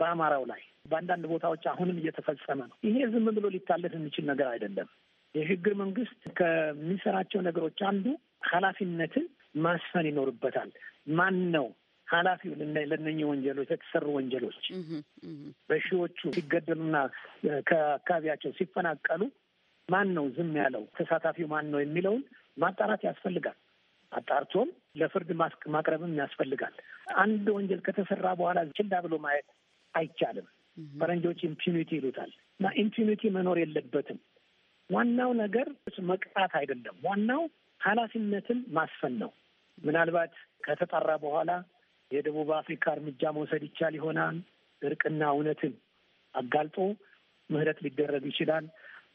በአማራው ላይ በአንዳንድ ቦታዎች አሁንም እየተፈጸመ ነው። ይሄ ዝም ብሎ ሊታለፍ የሚችል ነገር አይደለም። የሽግግር መንግስት ከሚሰራቸው ነገሮች አንዱ ኃላፊነትን ማስፈን ይኖርበታል። ማን ነው ኃላፊው ለእነኝህ ወንጀሎች ለተሰሩ ወንጀሎች በሺዎቹ ሲገደሉና ከአካባቢያቸው ሲፈናቀሉ ማን ነው ዝም ያለው? ተሳታፊው ማን ነው የሚለውን ማጣራት ያስፈልጋል። አጣርቶም ለፍርድ ማቅረብም ያስፈልጋል። አንድ ወንጀል ከተሰራ በኋላ ችላ ብሎ ማየት አይቻልም። ፈረንጆች ኢምፒዩኒቲ ይሉታል እና ኢምፒኒቲ መኖር የለበትም። ዋናው ነገር መቅጣት አይደለም። ዋናው ኃላፊነትን ማስፈን ነው። ምናልባት ከተጣራ በኋላ የደቡብ አፍሪካ እርምጃ መውሰድ ይቻል ይሆናል። እርቅና እውነትን አጋልጦ ምህረት ሊደረግ ይችላል።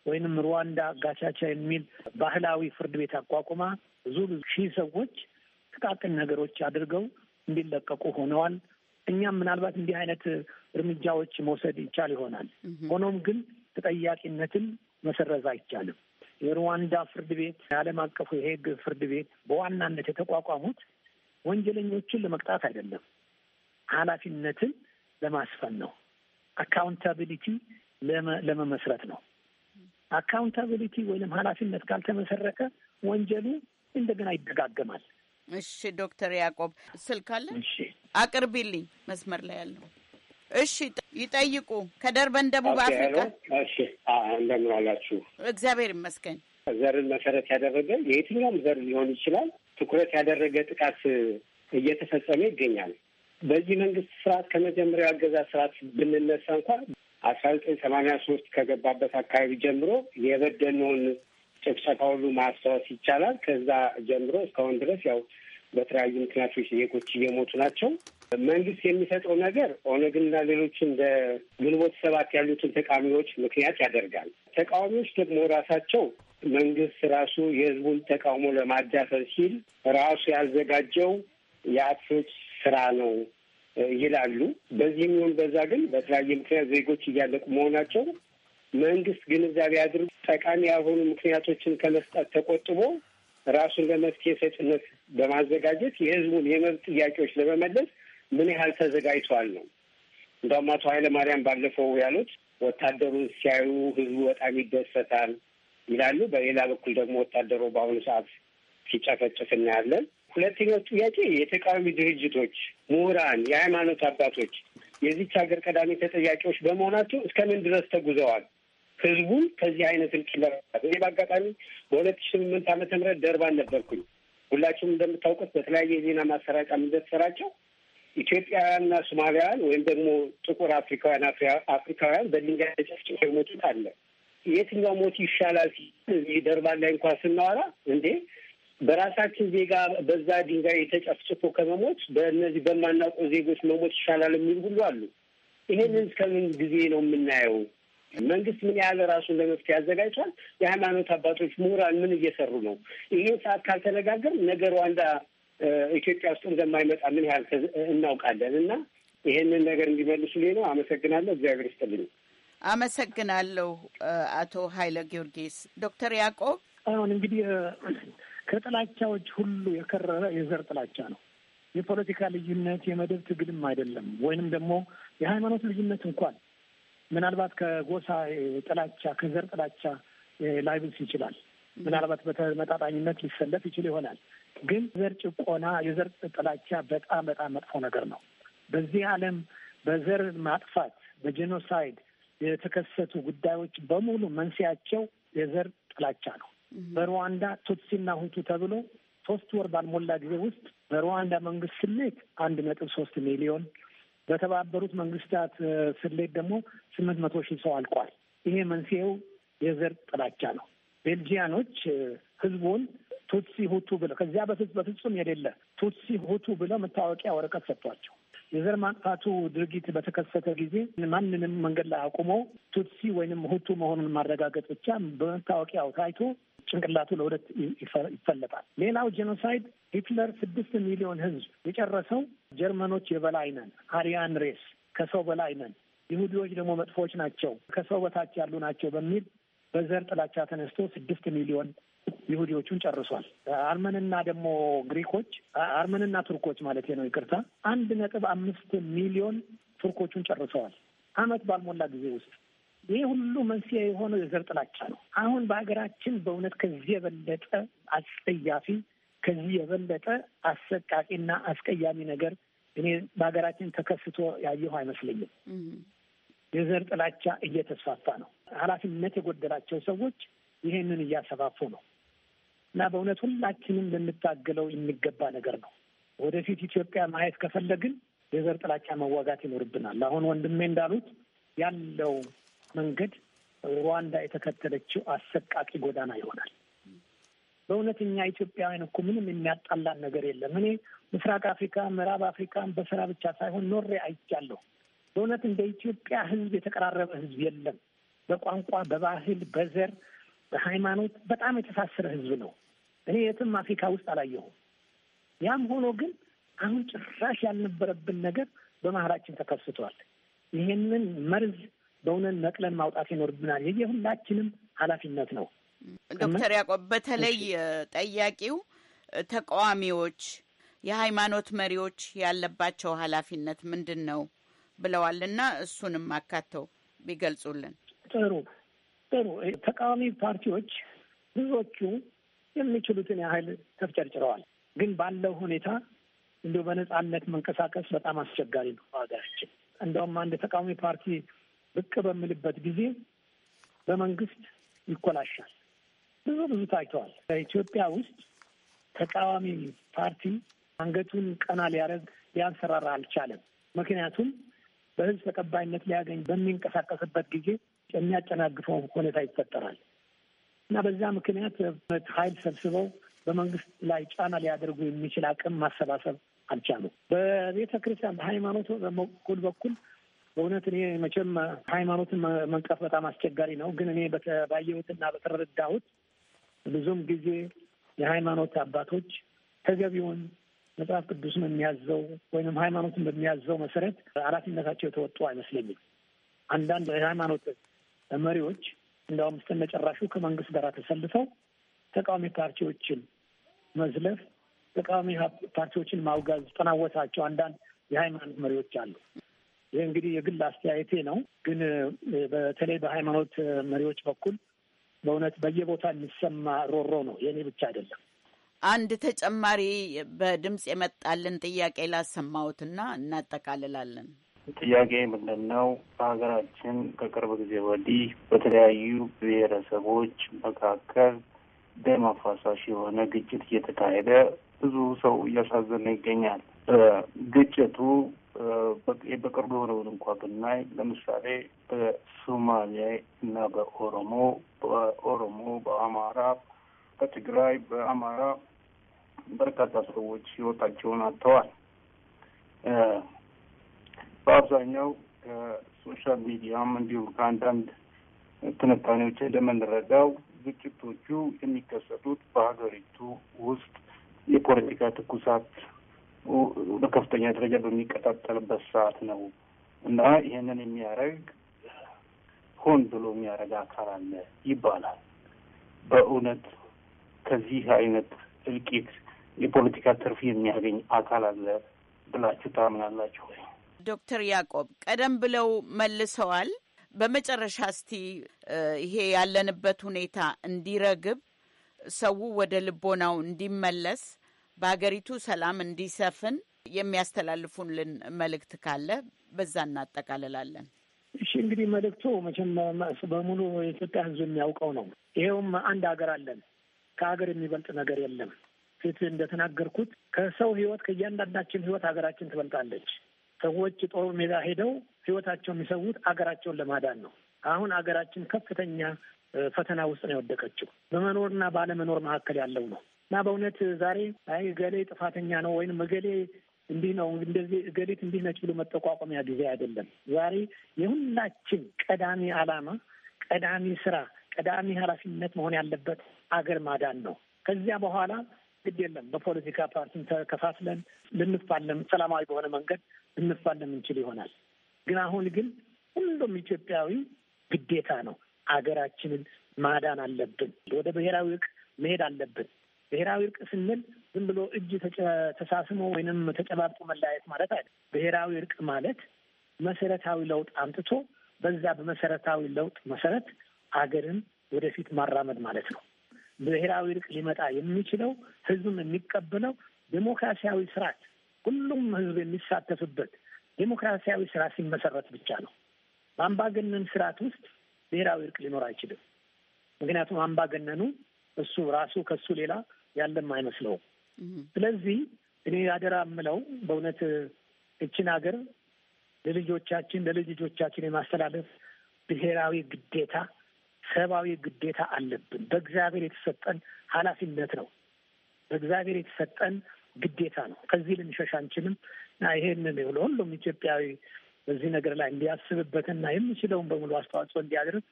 ወይንም ሩዋንዳ ጋቻቻ የሚል ባህላዊ ፍርድ ቤት አቋቁማ ብዙ ሺህ ሰዎች ጥቃቅን ነገሮች አድርገው እንዲለቀቁ ሆነዋል። እኛም ምናልባት እንዲህ አይነት እርምጃዎች መውሰድ ይቻል ይሆናል። ሆኖም ግን ተጠያቂነትን መሰረዝ አይቻልም። የሩዋንዳ ፍርድ ቤት፣ የዓለም አቀፉ የሄግ ፍርድ ቤት በዋናነት የተቋቋሙት ወንጀለኞችን ለመቅጣት አይደለም፣ ኃላፊነትን ለማስፈን ነው፣ አካውንታቢሊቲ ለመመስረት ነው። አካውንታቢሊቲ ወይም ኃላፊነት ካልተመሰረተ ወንጀሉ እንደገና ይደጋገማል። እሺ ዶክተር ያዕቆብ ስልክ አለ? እሺ አቅርቢልኝ፣ መስመር ላይ ያለው እሺ ይጠይቁ። ከደርበን ደቡብ አፍሪካ። እሺ እንደምን አላችሁ? እግዚአብሔር ይመስገን። ዘርን መሰረት ያደረገ የየትኛውም ዘር ሊሆን ይችላል ትኩረት ያደረገ ጥቃት እየተፈጸመ ይገኛል። በዚህ መንግስት ስርዓት ከመጀመሪያው አገዛዝ ስርዓት ብንነሳ እንኳ? አስራ ዘጠኝ ሰማኒያ ሶስት ከገባበት አካባቢ ጀምሮ የበደነውን ጭፍጨፋ ሁሉ ማስታወስ ይቻላል። ከዛ ጀምሮ እስካሁን ድረስ ያው በተለያዩ ምክንያቶች ዜጎች እየሞቱ ናቸው። መንግስት የሚሰጠው ነገር ኦነግና ሌሎች እንደ ግንቦት ሰባት ያሉትን ተቃዋሚዎች ምክንያት ያደርጋል። ተቃዋሚዎች ደግሞ ራሳቸው መንግስት ራሱ የህዝቡን ተቃውሞ ለማዳፈር ሲል ራሱ ያዘጋጀው የአጥፊዎች ስራ ነው ይላሉ። በዚህም ይሁን በዛ ግን በተለያየ ምክንያት ዜጎች እያለቁ መሆናቸው መንግስት ግንዛቤ አድርጎ ጠቃሚ ያልሆኑ ምክንያቶችን ከመስጠት ተቆጥቦ ራሱን ለመፍትሄ ሰጭነት በማዘጋጀት የህዝቡን የመብት ጥያቄዎች ለመመለስ ምን ያህል ተዘጋጅተዋል ነው። እንደውም አቶ ኃይለማርያም ባለፈው ያሉት ወታደሩን ሲያዩ ህዝቡ በጣም ይደሰታል ይላሉ። በሌላ በኩል ደግሞ ወታደሩ በአሁኑ ሰዓት ሲጨፈጭፍ እናያለን። ሁለተኛው ጥያቄ የተቃዋሚ ድርጅቶች፣ ምሁራን፣ የሃይማኖት አባቶች የዚች ሀገር ቀዳሚ ተጠያቂዎች በመሆናቸው እስከምን ድረስ ተጉዘዋል? ህዝቡ ከዚህ አይነት እልቅ ይለራል። እኔ በአጋጣሚ በሁለት ሺ ስምንት ዓመተ ምህረት ደርባን ነበርኩኝ። ሁላችሁም እንደምታውቁት በተለያየ የዜና ማሰራጫ እንደተሰራጨው ኢትዮጵያውያንና ሶማሊያውያን ወይም ደግሞ ጥቁር አፍሪካውያን አፍሪካውያን በድንጋይ ተጨፍጭፈው የሞቱት አለ። የትኛው ሞት ይሻላል? ደርባን ላይ እንኳን ስናወራ እንዴ በራሳችን ዜጋ በዛ ድንጋይ የተጨፍጭፎ ከመሞት በእነዚህ በማናውቀው ዜጎች መሞት ይሻላል የሚሉ ሁሉ አሉ። ይሄንን እስከምን ጊዜ ነው የምናየው? መንግስት ምን ያህል ራሱን ለመፍትሄ አዘጋጅቷል? የሃይማኖት አባቶች፣ ምሁራን ምን እየሰሩ ነው? ይሄን ሰዓት ካልተነጋገር ነገ ሩዋንዳ ኢትዮጵያ ውስጥ እንደማይመጣ ምን ያህል እናውቃለን። እና ይሄንን ነገር ሌ ነው። አመሰግናለሁ። እግዚአብሔር ይስጥልኝ። አመሰግናለሁ አቶ ኃይለ ጊዮርጊስ። ዶክተር ያዕቆብ አሁን እንግዲህ ከጥላቻዎች ሁሉ የከረረ የዘር ጥላቻ ነው። የፖለቲካ ልዩነት የመደብ ትግልም አይደለም፣ ወይንም ደግሞ የሃይማኖት ልዩነት እንኳን ምናልባት ከጎሳ ጥላቻ ከዘር ጥላቻ ላይብስ ይችላል። ምናልባት በተመጣጣኝነት ሊሰለፍ ይችል ይሆናል። ግን ዘር ጭቆና፣ የዘር ጥላቻ በጣም በጣም መጥፎ ነገር ነው። በዚህ ዓለም በዘር ማጥፋት በጄኖሳይድ የተከሰቱ ጉዳዮች በሙሉ መንስያቸው የዘር ጥላቻ ነው። በሩዋንዳ ቱትሲና ሁቱ ተብሎ ሶስት ወር ባልሞላ ጊዜ ውስጥ በሩዋንዳ መንግስት ስሌት አንድ ነጥብ ሶስት ሚሊዮን በተባበሩት መንግስታት ስሌት ደግሞ ስምንት መቶ ሺህ ሰው አልቋል። ይሄ መንስኤው የዘር ጥላቻ ነው። ቤልጂያኖች ህዝቡን ቱትሲ ሁቱ ብለው ከዚያ በፊት በፍጹም የሌለ ቱትሲ ሁቱ ብለው መታወቂያ ወረቀት ሰጥቷቸው የዘር ማጥፋቱ ድርጊት በተከሰተ ጊዜ ማንንም መንገድ ላይ አቁሞ ቱትሲ ወይንም ሁቱ መሆኑን ማረጋገጥ ብቻ በመታወቂያው ታይቶ ጭንቅላቱ ለሁለት ይፈለጣል። ሌላው ጄኖሳይድ ሂትለር ስድስት ሚሊዮን ህዝብ የጨረሰው ጀርመኖች የበላይ ነን፣ አሪያን ሬስ ከሰው በላይ ነን፣ ይሁዲዎች ደግሞ መጥፎዎች ናቸው፣ ከሰው በታች ያሉ ናቸው በሚል በዘር ጥላቻ ተነስቶ ስድስት ሚሊዮን ይሁዲዎቹን ጨርሷል። አርመንና ደግሞ ግሪኮች አርመንና ቱርኮች ማለት ነው ይቅርታ፣ አንድ ነጥብ አምስት ሚሊዮን ቱርኮቹን ጨርሰዋል አመት ባልሞላ ጊዜ ውስጥ ይህ ሁሉ መንስኤ የሆነው የዘር ጥላቻ ነው። አሁን በሀገራችን በእውነት ከዚህ የበለጠ አስጸያፊ ከዚህ የበለጠ አሰቃቂና አስቀያሚ ነገር እኔ በሀገራችን ተከስቶ ያየሁ አይመስለኝም። የዘር ጥላቻ እየተስፋፋ ነው። ኃላፊነት የጎደላቸው ሰዎች ይሄንን እያሰፋፉ ነው እና በእውነት ሁላችንም ልንታገለው የሚገባ ነገር ነው። ወደፊት ኢትዮጵያ ማየት ከፈለግን የዘር ጥላቻ መዋጋት ይኖርብናል። አሁን ወንድሜ እንዳሉት ያለው መንገድ ሩዋንዳ የተከተለችው አሰቃቂ ጎዳና ይሆናል። በእውነተኛ ኢትዮጵያውያን እኮ ምንም የሚያጣላን ነገር የለም። እኔ ምስራቅ አፍሪካ፣ ምዕራብ አፍሪካን በስራ ብቻ ሳይሆን ኖሬ አይቻለሁ። በእውነት እንደ ኢትዮጵያ ህዝብ የተቀራረበ ህዝብ የለም። በቋንቋ፣ በባህል፣ በዘር፣ በሃይማኖት በጣም የተሳሰረ ህዝብ ነው። እኔ የትም አፍሪካ ውስጥ አላየሁም። ያም ሆኖ ግን አሁን ጭራሽ ያልነበረብን ነገር በማህራችን ተከስቷል። ይህንን መርዝ በእውነት ነቅለን ማውጣት ይኖርብናል። ይህ የሁላችንም ኃላፊነት ነው። ዶክተር ያቆብ በተለይ ጠያቂው ተቃዋሚዎች፣ የሃይማኖት መሪዎች ያለባቸው ኃላፊነት ምንድን ነው ብለዋል እና እሱንም አካተው ቢገልጹልን ጥሩ ጥሩ። ተቃዋሚ ፓርቲዎች ብዙዎቹ የሚችሉትን ያህል ተፍጨርጭረዋል። ግን ባለው ሁኔታ እንዲሁ በነጻነት መንቀሳቀስ በጣም አስቸጋሪ ነው በሀገራችን። እንደውም አንድ ተቃዋሚ ፓርቲ ብቅ በምልበት ጊዜ በመንግስት ይኮላሻል። ብዙ ብዙ ታይተዋል። በኢትዮጵያ ውስጥ ተቃዋሚ ፓርቲ አንገቱን ቀና ሊያደርግ ሊያንሰራራ አልቻለም። ምክንያቱም በህዝብ ተቀባይነት ሊያገኝ በሚንቀሳቀስበት ጊዜ የሚያጨናግፈው ሁኔታ ይፈጠራል እና በዛ ምክንያት ኃይል ሰብስበው በመንግስት ላይ ጫና ሊያደርጉ የሚችል አቅም ማሰባሰብ አልቻሉም። በቤተ ክርስቲያን በሃይማኖት በኩል በኩል በእውነት እኔ መቼም ሃይማኖትን መንቀፍ በጣም አስቸጋሪ ነው። ግን እኔ ባየሁትና በተረዳሁት ብዙም ጊዜ የሃይማኖት አባቶች ተገቢውን መጽሐፍ ቅዱስን የሚያዘው ወይም ሃይማኖትን በሚያዘው መሰረት ኃላፊነታቸው የተወጡ አይመስለኝም። አንዳንድ የሃይማኖት መሪዎች እንዲያውም እስከነጨራሹ ከመንግስት ጋር ተሰልፈው ተቃዋሚ ፓርቲዎችን መዝለፍ፣ ተቃዋሚ ፓርቲዎችን ማውጋዝ ጠናወታቸው አንዳንድ የሃይማኖት መሪዎች አሉ። ይህ እንግዲህ የግል አስተያየቴ ነው። ግን በተለይ በሃይማኖት መሪዎች በኩል በእውነት በየቦታ የሚሰማ ሮሮ ነው። የእኔ ብቻ አይደለም። አንድ ተጨማሪ በድምፅ የመጣልን ጥያቄ ላሰማሁትና እናጠቃልላለን። ጥያቄ ምንድን ነው? በሀገራችን ከቅርብ ጊዜ ወዲህ በተለያዩ ብሔረሰቦች መካከል ደም አፋሳሽ የሆነ ግጭት እየተካሄደ ብዙ ሰው እያሳዘነ ይገኛል። ግጭቱ በቅርብ ወረውን እንኳ ብናይ ለምሳሌ በሶማሊያ እና በኦሮሞ በኦሮሞ በአማራ በትግራይ በአማራ በርካታ ሰዎች ህይወታቸውን አጥተዋል። በአብዛኛው ከሶሻል ሚዲያም እንዲሁም ከአንዳንድ ትንታኔዎች እንደምንረዳው ግጭቶቹ የሚከሰቱት በሀገሪቱ ውስጥ የፖለቲካ ትኩሳት በከፍተኛ ደረጃ በሚቀጣጠልበት ሰዓት ነው እና ይህንን የሚያደርግ ሆን ብሎ የሚያደርግ አካል አለ ይባላል። በእውነት ከዚህ አይነት እልቂት የፖለቲካ ትርፍ የሚያገኝ አካል አለ ብላችሁ ታምናላችሁ ወይ? ዶክተር ያዕቆብ ቀደም ብለው መልሰዋል። በመጨረሻ እስቲ ይሄ ያለንበት ሁኔታ እንዲረግብ ሰው ወደ ልቦናው እንዲመለስ በሀገሪቱ ሰላም እንዲሰፍን የሚያስተላልፉልን መልእክት ካለ በዛ እናጠቃልላለን። እሺ እንግዲህ መልእክቱ መቼም በሙሉ የኢትዮጵያ ሕዝብ የሚያውቀው ነው። ይኸውም አንድ ሀገር አለን። ከሀገር የሚበልጥ ነገር የለም። ፊት እንደተናገርኩት ከሰው ሕይወት ከእያንዳንዳችን ሕይወት ሀገራችን ትበልጣለች። ሰዎች ጦር ሜዳ ሄደው ሕይወታቸው የሚሰዉት ሀገራቸውን ለማዳን ነው። አሁን ሀገራችን ከፍተኛ ፈተና ውስጥ ነው የወደቀችው። በመኖርና ባለመኖር መካከል ያለው ነው። እና በእውነት ዛሬ አይ እገሌ ጥፋተኛ ነው ወይም እገሌ እንዲህ ነው እንደዚህ እገሌት እንዲህ ነች ብሎ መጠቋቋሚያ ጊዜ አይደለም። ዛሬ የሁላችን ቀዳሚ ዓላማ፣ ቀዳሚ ስራ፣ ቀዳሚ ኃላፊነት መሆን ያለበት አገር ማዳን ነው። ከዚያ በኋላ ግድ የለም በፖለቲካ ፓርቲን ተከፋፍለን ልንፋለም፣ ሰላማዊ በሆነ መንገድ ልንፋለም እንችል ይሆናል። ግን አሁን ግን ሁሉም ኢትዮጵያዊ ግዴታ ነው አገራችንን ማዳን አለብን። ወደ ብሔራዊ ዕቅ መሄድ አለብን። ብሔራዊ እርቅ ስንል ዝም ብሎ እጅ ተሳስሞ ወይንም ተጨባብጦ መለያየት ማለት አይደለም። ብሔራዊ እርቅ ማለት መሰረታዊ ለውጥ አምጥቶ በዛ በመሰረታዊ ለውጥ መሰረት አገርን ወደፊት ማራመድ ማለት ነው። ብሔራዊ እርቅ ሊመጣ የሚችለው ህዝብም የሚቀበለው ዴሞክራሲያዊ ስርዓት፣ ሁሉም ህዝብ የሚሳተፍበት ዴሞክራሲያዊ ስርዓት ሲመሰረት ብቻ ነው። በአምባገነን ስርዓት ውስጥ ብሔራዊ እርቅ ሊኖር አይችልም። ምክንያቱም አምባገነኑ እሱ ራሱ ከሱ ሌላ ያለም አይመስለውም። ስለዚህ እኔ አደራ የምለው በእውነት እችን ሀገር ለልጆቻችን ለልጅ ልጆቻችን የማስተላለፍ ብሔራዊ ግዴታ፣ ሰብአዊ ግዴታ አለብን። በእግዚአብሔር የተሰጠን ኃላፊነት ነው። በእግዚአብሔር የተሰጠን ግዴታ ነው። ከዚህ ልንሸሽ አንችልም እና ይሄን ለሁሉም ኢትዮጵያዊ በዚህ ነገር ላይ እንዲያስብበትና የምችለውን በሙሉ አስተዋጽኦ እንዲያደርግ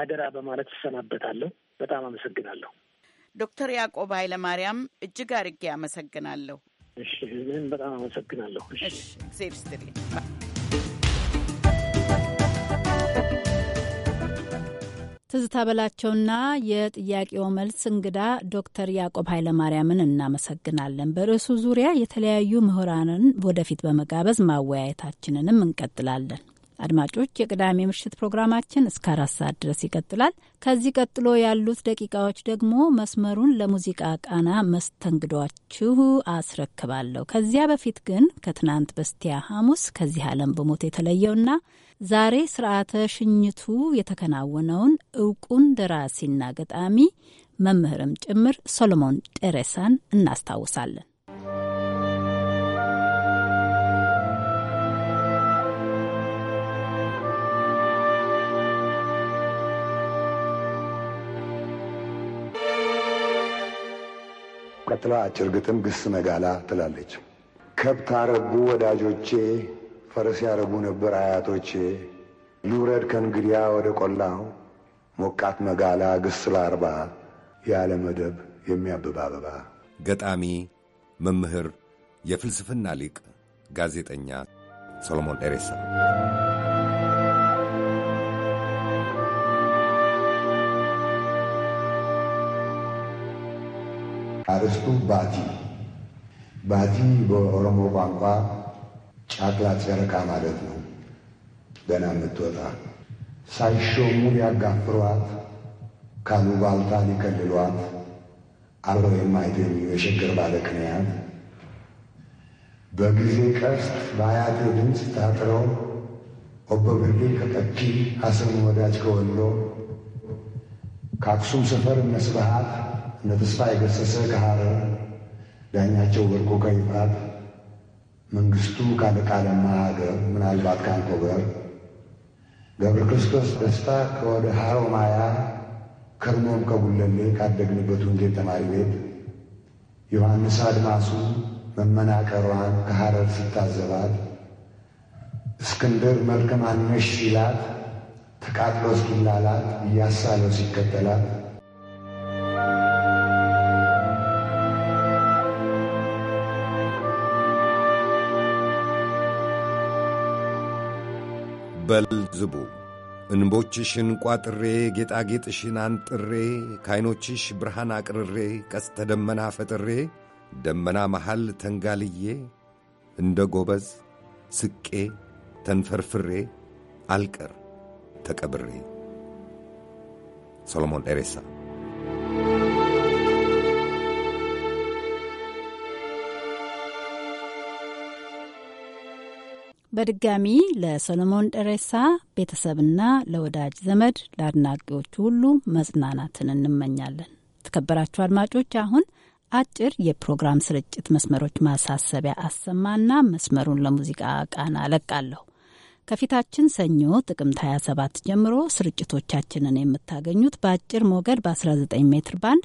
አደራ በማለት እሰናበታለሁ። በጣም አመሰግናለሁ። ዶክተር ያዕቆብ ኃይለማርያም እጅግ አርጌ አመሰግናለሁ። እሺ በጣም አመሰግናለሁ። እሺ እግዜር ይስጥልኝ። ትዝታ በላቸውና የጥያቄው መልስ እንግዳ ዶክተር ያዕቆብ ኃይለማርያምን እናመሰግናለን። በርዕሱ ዙሪያ የተለያዩ ምሁራንን ወደፊት በመጋበዝ ማወያየታችንንም እንቀጥላለን። አድማጮች የቅዳሜ ምሽት ፕሮግራማችን እስከ አራት ሰዓት ድረስ ይቀጥላል። ከዚህ ቀጥሎ ያሉት ደቂቃዎች ደግሞ መስመሩን ለሙዚቃ ቃና መስተንግዷችሁ አስረክባለሁ። ከዚያ በፊት ግን ከትናንት በስቲያ ሐሙስ ከዚህ ዓለም በሞት የተለየውና ዛሬ ስርዓተ ሽኝቱ የተከናወነውን እውቁን ደራሲና ገጣሚ መምህርም ጭምር ሶሎሞን ጤሬሳን እናስታውሳለን። ቀጥላ አጭር ግጥም ግስ መጋላ ትላለች። ከብት አረቡ ወዳጆቼ፣ ፈረስ ያረቡ ነበር አያቶቼ። ልውረድ ከእንግዲያ ወደ ቆላው ሞቃት መጋላ ግስ ላርባ ያለ መደብ የሚያብብ አበባ። ገጣሚ፣ መምህር፣ የፍልስፍና ሊቅ፣ ጋዜጠኛ ሰሎሞን ኤሬሳ አርስቱ ባቲ ባቲ በኦሮሞ ቋንቋ ጫቅላ ጨረቃ ማለት ነው። ገና የምትወጣ ሳይሾሙ ካሉ ካሉባልታ ሊከልሏት አብረው የማይተኙ የሽግር ባለቅኔያት በጊዜ ቀስት በአያቴ ድምፅ ታጥረው ኦበብሌ ከጠኪ ሐሰን ወዳጅ ከወሎ ከአክሱም ሰፈር እነ እነ የገሰሰ ከሐረር፣ ዳኛቸው ወርቆ ከይፋት፣ መንግስቱ ካለቃለማ ሀገር ምናልባት ካንኮበር፣ ገብረ ክርስቶስ ደስታ ከወደ ሐሮማያ ከርሞም ከጉለሌ ካደግንበት ወንጌል ተማሪ ቤት፣ ዮሐንስ አድማሱ መመናቀሯን ከሐረር ስታዘባት እስክንድር መልከ ማነሽ ሲላት ተቃጥሎ እስኪላላት እያሳለው ሲከተላት በል ዝቡ እንቦችሽን ቋጥሬ ጌጣጌጥሽን አንጥሬ ከዐይኖችሽ ብርሃን አቅርሬ ቀስተ ደመና ፈጥሬ ደመና መሃል ተንጋልዬ እንደ ጎበዝ ስቄ ተንፈርፍሬ አልቀር ተቀብሬ ሰሎሞን ኤሬሳ በድጋሚ ለሰሎሞን ደሬሳ ቤተሰብና ለወዳጅ ዘመድ፣ ለአድናቂዎቹ ሁሉ መጽናናትን እንመኛለን። የተከበራችሁ አድማጮች አሁን አጭር የፕሮግራም ስርጭት መስመሮች ማሳሰቢያ አሰማና መስመሩን ለሙዚቃ ቃና አለቃለሁ። ከፊታችን ሰኞ ጥቅምት 27 ጀምሮ ስርጭቶቻችንን የምታገኙት በአጭር ሞገድ በ19 ሜትር ባንድ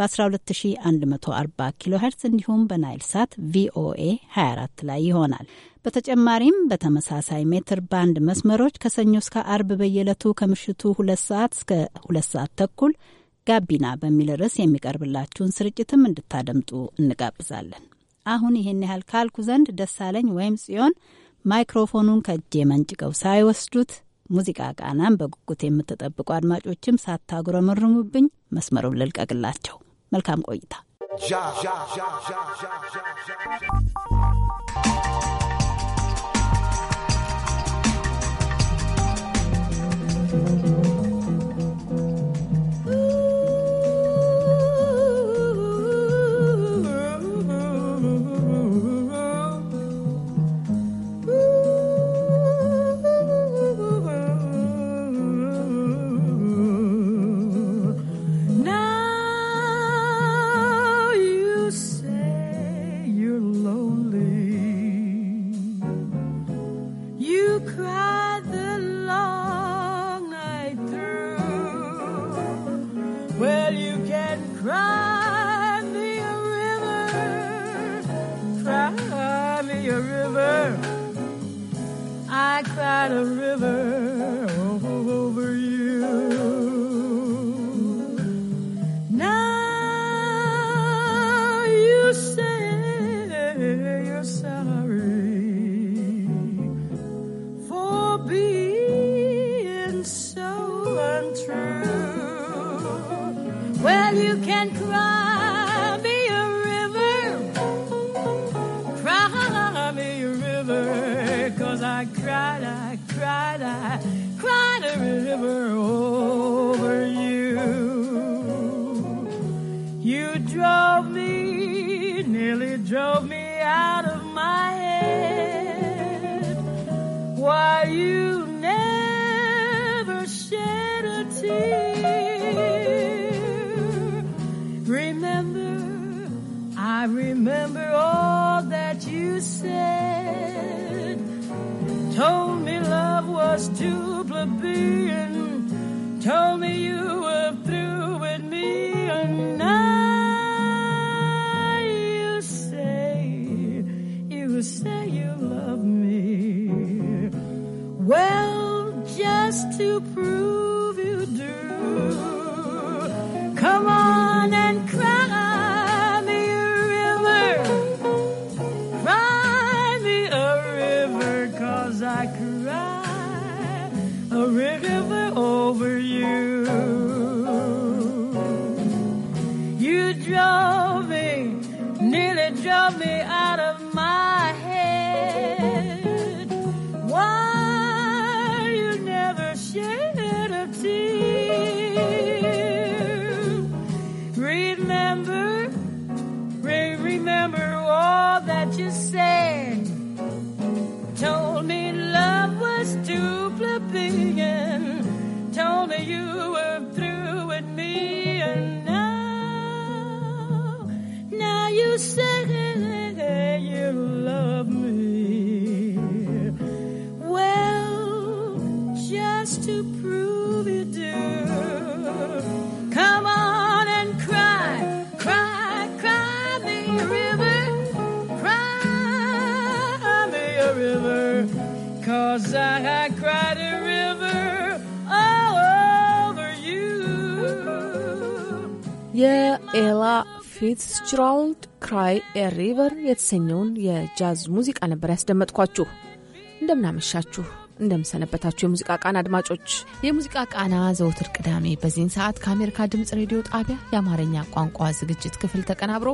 በ12140 ኪሎ ሄርትስ እንዲሁም በናይል ሳት ቪኦኤ 24 ላይ ይሆናል። በተጨማሪም በተመሳሳይ ሜትር ባንድ መስመሮች ከሰኞ እስከ አርብ በየዕለቱ ከምሽቱ 2 ሰዓት እስከ 2 ሰዓት ተኩል ጋቢና በሚል ርዕስ የሚቀርብላችሁን ስርጭትም እንድታደምጡ እንጋብዛለን። አሁን ይህን ያህል ካልኩ ዘንድ ደሳለኝ ወይም ጽዮን ማይክሮፎኑን ከእጄ መንጭቀው ሳይወስዱት ሙዚቃ ቃናን በጉጉት የምትጠብቁ አድማጮችም ሳታጉረመርሙብኝ መስመሩን ልልቀቅላቸው። መልካም ቆይታ። by the river. remember all that you said. Told me love was plebeian. Told me you ኤላ ፊትስጅራልድ ክራይ ኤ ሪቨር የተሰኘውን የጃዝ ሙዚቃ ነበር ያስደመጥኳችሁ። እንደምናመሻችሁ እንደምሰነበታችሁ የሙዚቃ ቃና አድማጮች። የሙዚቃ ቃና ዘውትር ቅዳሜ በዚህን ሰዓት ከአሜሪካ ድምፅ ሬዲዮ ጣቢያ የአማርኛ ቋንቋ ዝግጅት ክፍል ተቀናብሮ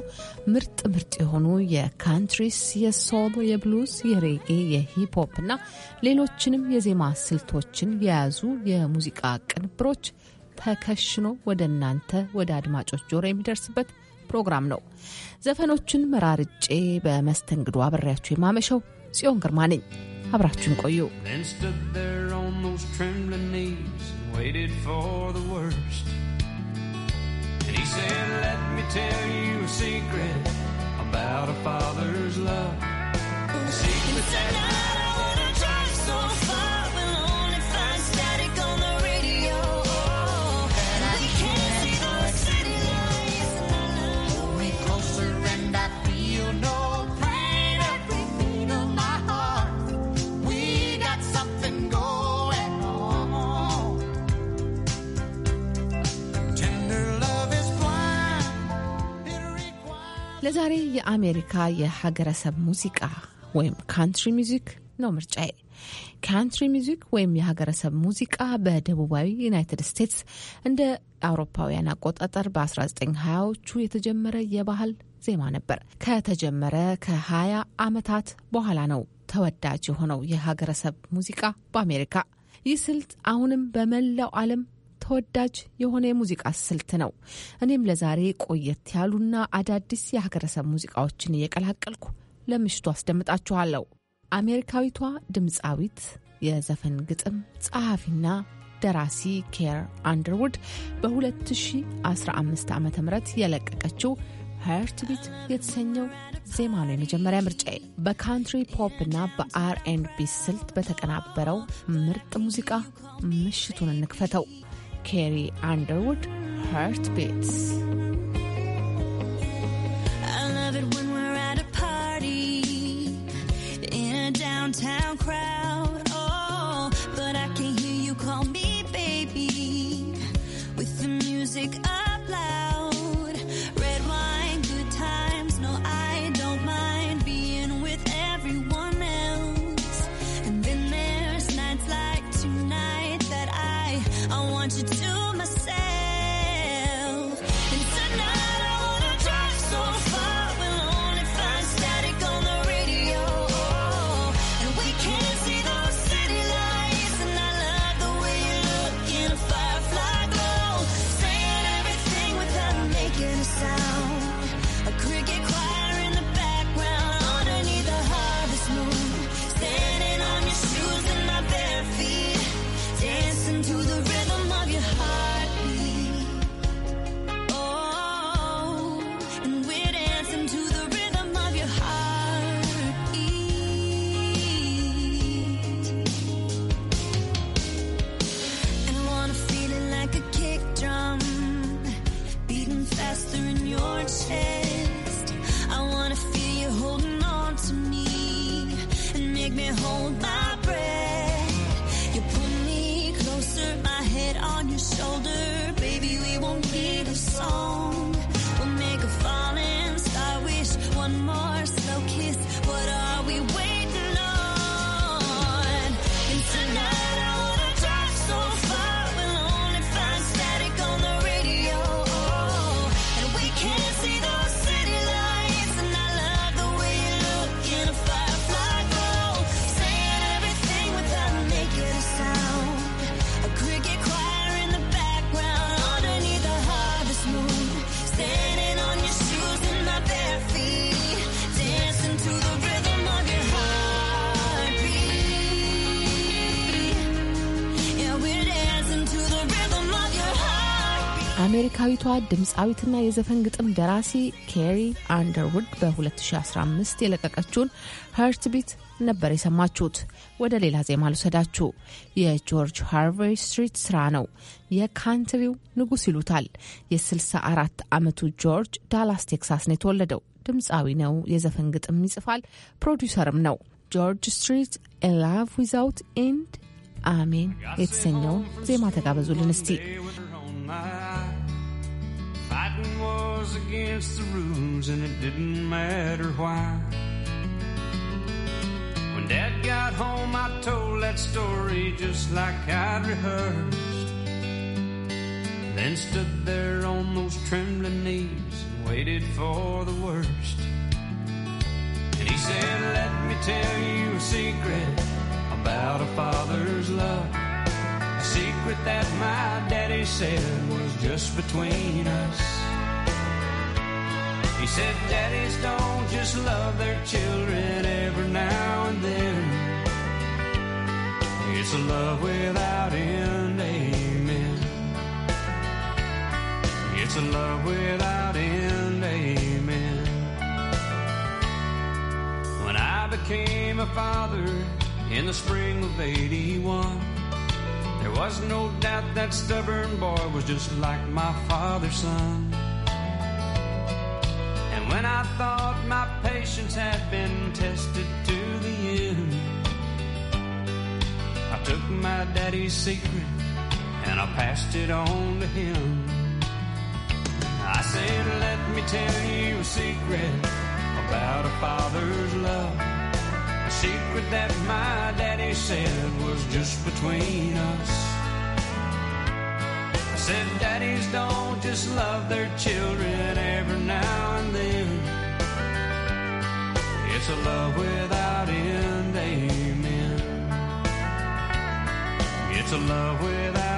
ምርጥ ምርጥ የሆኑ የካንትሪስ፣ የሶል፣ የብሉዝ፣ የሬጌ፣ የሂፕሆፕ እና ሌሎችንም የዜማ ስልቶችን የያዙ የሙዚቃ ቅንብሮች ተከሽኖ ወደ እናንተ ወደ አድማጮች ጆሮ የሚደርስበት ፕሮግራም ነው። ዘፈኖቹን መራርጬ በመስተንግዶ አብሬያችሁ የማመሸው ጽዮን ግርማ ነኝ። አብራችሁን ቆዩ። about a father's love. Secrets ለዛሬ የአሜሪካ የሀገረሰብ ሙዚቃ ወይም ካንትሪ ሚዚክ ነው ምርጫዬ። ካንትሪ ሚዚክ ወይም የሀገረሰብ ሙዚቃ በደቡባዊ ዩናይትድ ስቴትስ እንደ አውሮፓውያን አቆጣጠር በ1920ዎቹ የተጀመረ የባህል ዜማ ነበር። ከተጀመረ ከ20 ዓመታት በኋላ ነው ተወዳጅ የሆነው የሀገረሰብ ሙዚቃ በአሜሪካ። ይህ ስልት አሁንም በመላው ዓለም ተወዳጅ የሆነ የሙዚቃ ስልት ነው። እኔም ለዛሬ ቆየት ያሉና አዳዲስ የሀገረሰብ ሙዚቃዎችን እየቀላቀልኩ ለምሽቱ አስደምጣችኋለሁ። አሜሪካዊቷ ድምፃዊት የዘፈን ግጥም ጸሐፊና ደራሲ ኬር አንደርውድ በ2015 ዓ ም የለቀቀችው ሀርትቢት የተሰኘው ዜማ ነው የመጀመሪያ ምርጫዬ። በካንትሪ ፖፕ እና በአርኤንቢ ቢ ስልት በተቀናበረው ምርጥ ሙዚቃ ምሽቱን እንክፈተው። Carrie Underwood, Heartbeats. one more ድምፃዊትና የዘፈን ግጥም ደራሲ ኬሪ አንደርውድ በ2015 የለቀቀችውን ሀርትቢት ቢት ነበር የሰማችሁት። ወደ ሌላ ዜማ ልውሰዳችሁ። የጆርጅ ሃርቬይ ስትሪት ስራ ነው። የካንትሪው ንጉስ ይሉታል። የ64 ዓመቱ ጆርጅ ዳላስ ቴክሳስ ነው የተወለደው። ድምፃዊ ነው፣ የዘፈን ግጥም ይጽፋል፣ ፕሮዲውሰርም ነው። ጆርጅ ስትሪት ላቭ ዊዛውት ኤንድ አሜን የተሰኘውን ዜማ ተጋበዙልን እስቲ። Fighting was against the rules and it didn't matter why. When Dad got home, I told that story just like I'd rehearsed. Then stood there on those trembling knees and waited for the worst. And he said, Let me tell you a secret about a father's love. A secret that my daddy said was just between us. He said daddies don't just love their children every now and then. It's a love without end, amen. It's a love without end, amen. When I became a father in the spring of 81. There was no doubt that stubborn boy was just like my father's son. And when I thought my patience had been tested to the end, I took my daddy's secret and I passed it on to him. I said, let me tell you a secret about a father's love secret that my daddy said was just between us. I said, Daddies don't just love their children every now and then. It's a love without end, amen. It's a love without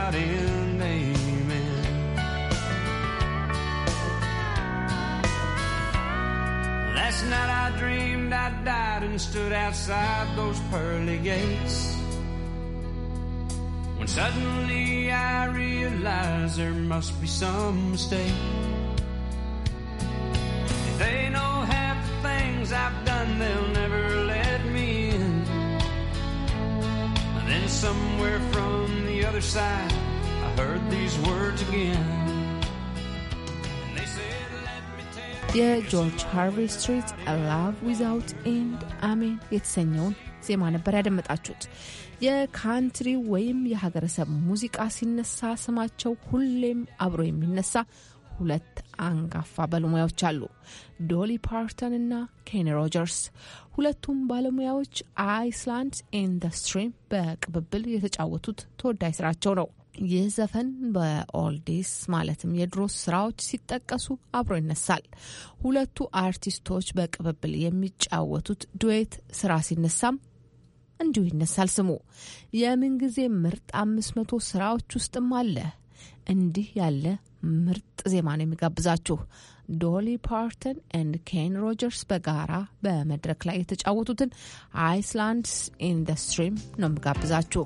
Last night I dreamed I died and stood outside those pearly gates. When suddenly I realized there must be some mistake. If they know half the things I've done, they'll never let me in. And then somewhere from the other side, I heard these words again. የጆርጅ ሃርቪ ስትሪት ላቭ ዊዛውት ኤንድ አሜን የተሰኘውን ዜማ ነበር ያደመጣችሁት። የካንትሪ ወይም የሀገረሰብ ሙዚቃ ሲነሳ ስማቸው ሁሌም አብሮ የሚነሳ ሁለት አንጋፋ ባለሙያዎች አሉ፣ ዶሊ ፓርተን እና ኬኒ ሮጀርስ። ሁለቱም ባለሙያዎች አይስላንድ ኢን በቅብብል የተጫወቱት ተወዳጅ ስራቸው ነው። ይህ ዘፈን በኦልዲስ ማለትም የድሮ ስራዎች ሲጠቀሱ አብሮ ይነሳል። ሁለቱ አርቲስቶች በቅብብል የሚጫወቱት ዱዌት ስራ ሲነሳም እንዲሁ ይነሳል ስሙ። የምንጊዜ ምርጥ አምስት መቶ ስራዎች ውስጥም አለ። እንዲህ ያለ ምርጥ ዜማ ነው የሚጋብዛችሁ። ዶሊ ፓርተን ኤንድ ኬን ሮጀርስ በጋራ በመድረክ ላይ የተጫወቱትን አይስላንድስ ኢን ነው የሚጋብዛችሁ።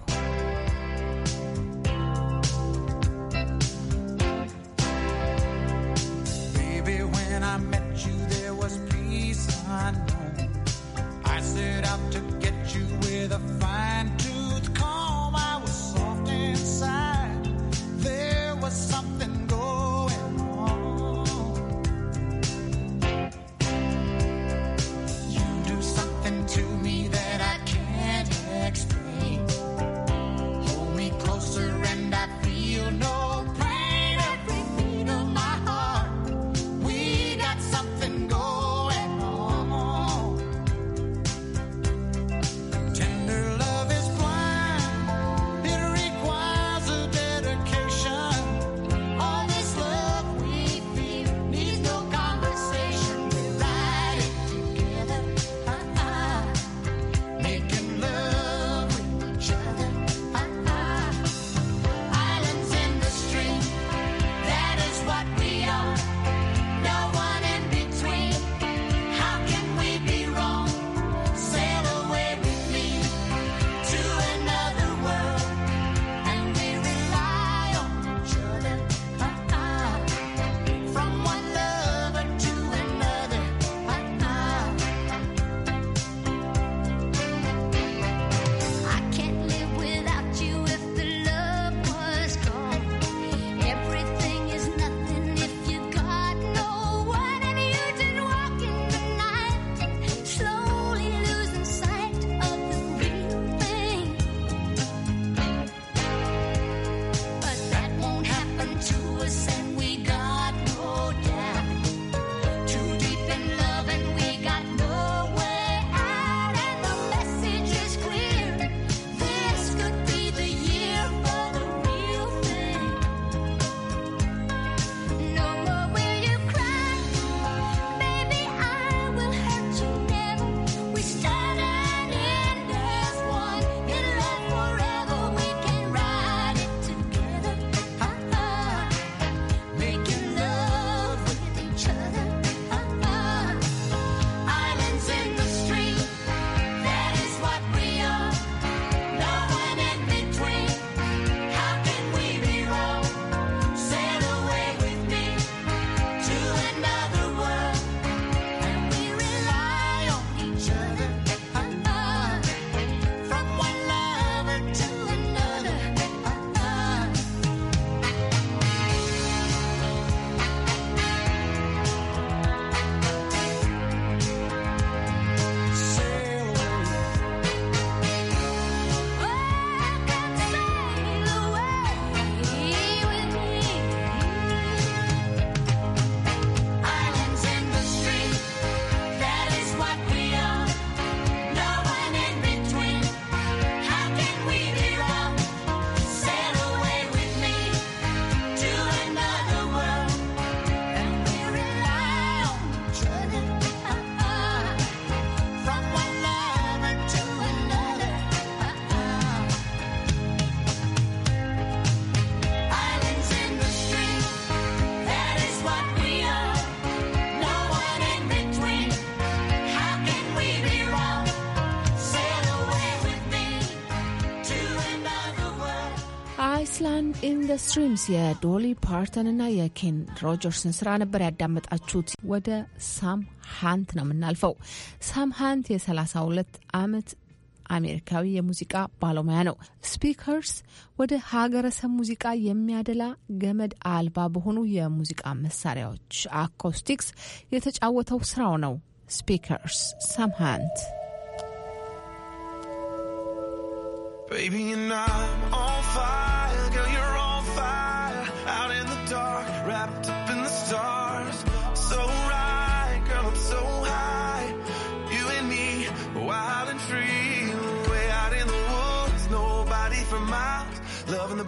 ኢን ዘ ስትሪምስ የዶሊ ፓርተንና የኬን ሮጀርስን ስራ ነበር ያዳመጣችሁት። ወደ ሳም ሃንት ነው የምናልፈው። ሳም ሃንት የ32 ዓመት አሜሪካዊ የሙዚቃ ባለሙያ ነው። ስፒከርስ ወደ ሀገረሰብ ሙዚቃ የሚያደላ ገመድ አልባ በሆኑ የሙዚቃ መሳሪያዎች አኮስቲክስ የተጫወተው ስራው ነው። ስፒከርስ ሳም ሃንት Baby, and I'm on fire, girl, you're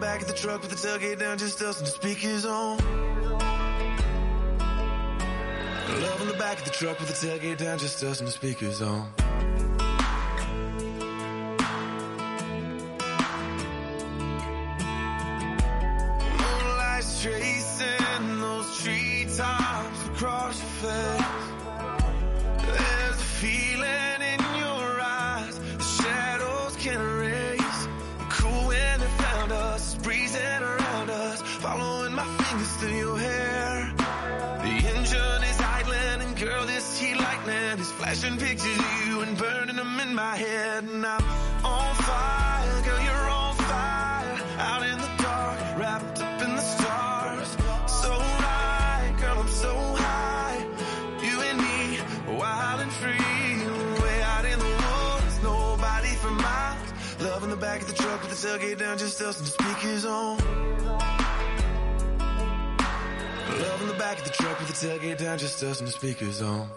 back of the truck with the tailgate down, just us and the speakers on. Love in the back of the truck with the tailgate down, just us and the speakers on. Moonlight's tracing those treetops across your face. Flashing pictures of you and burning them in my head. And I'm on fire, girl, you're on fire. Out in the dark, wrapped up in the stars. So high, girl, I'm so high. You and me, wild and free. Way out in the woods, nobody for miles. Love in the back of the truck with the tailgate down, just us and the speakers on. Love in the back of the truck with the tailgate down, just us and the speakers on.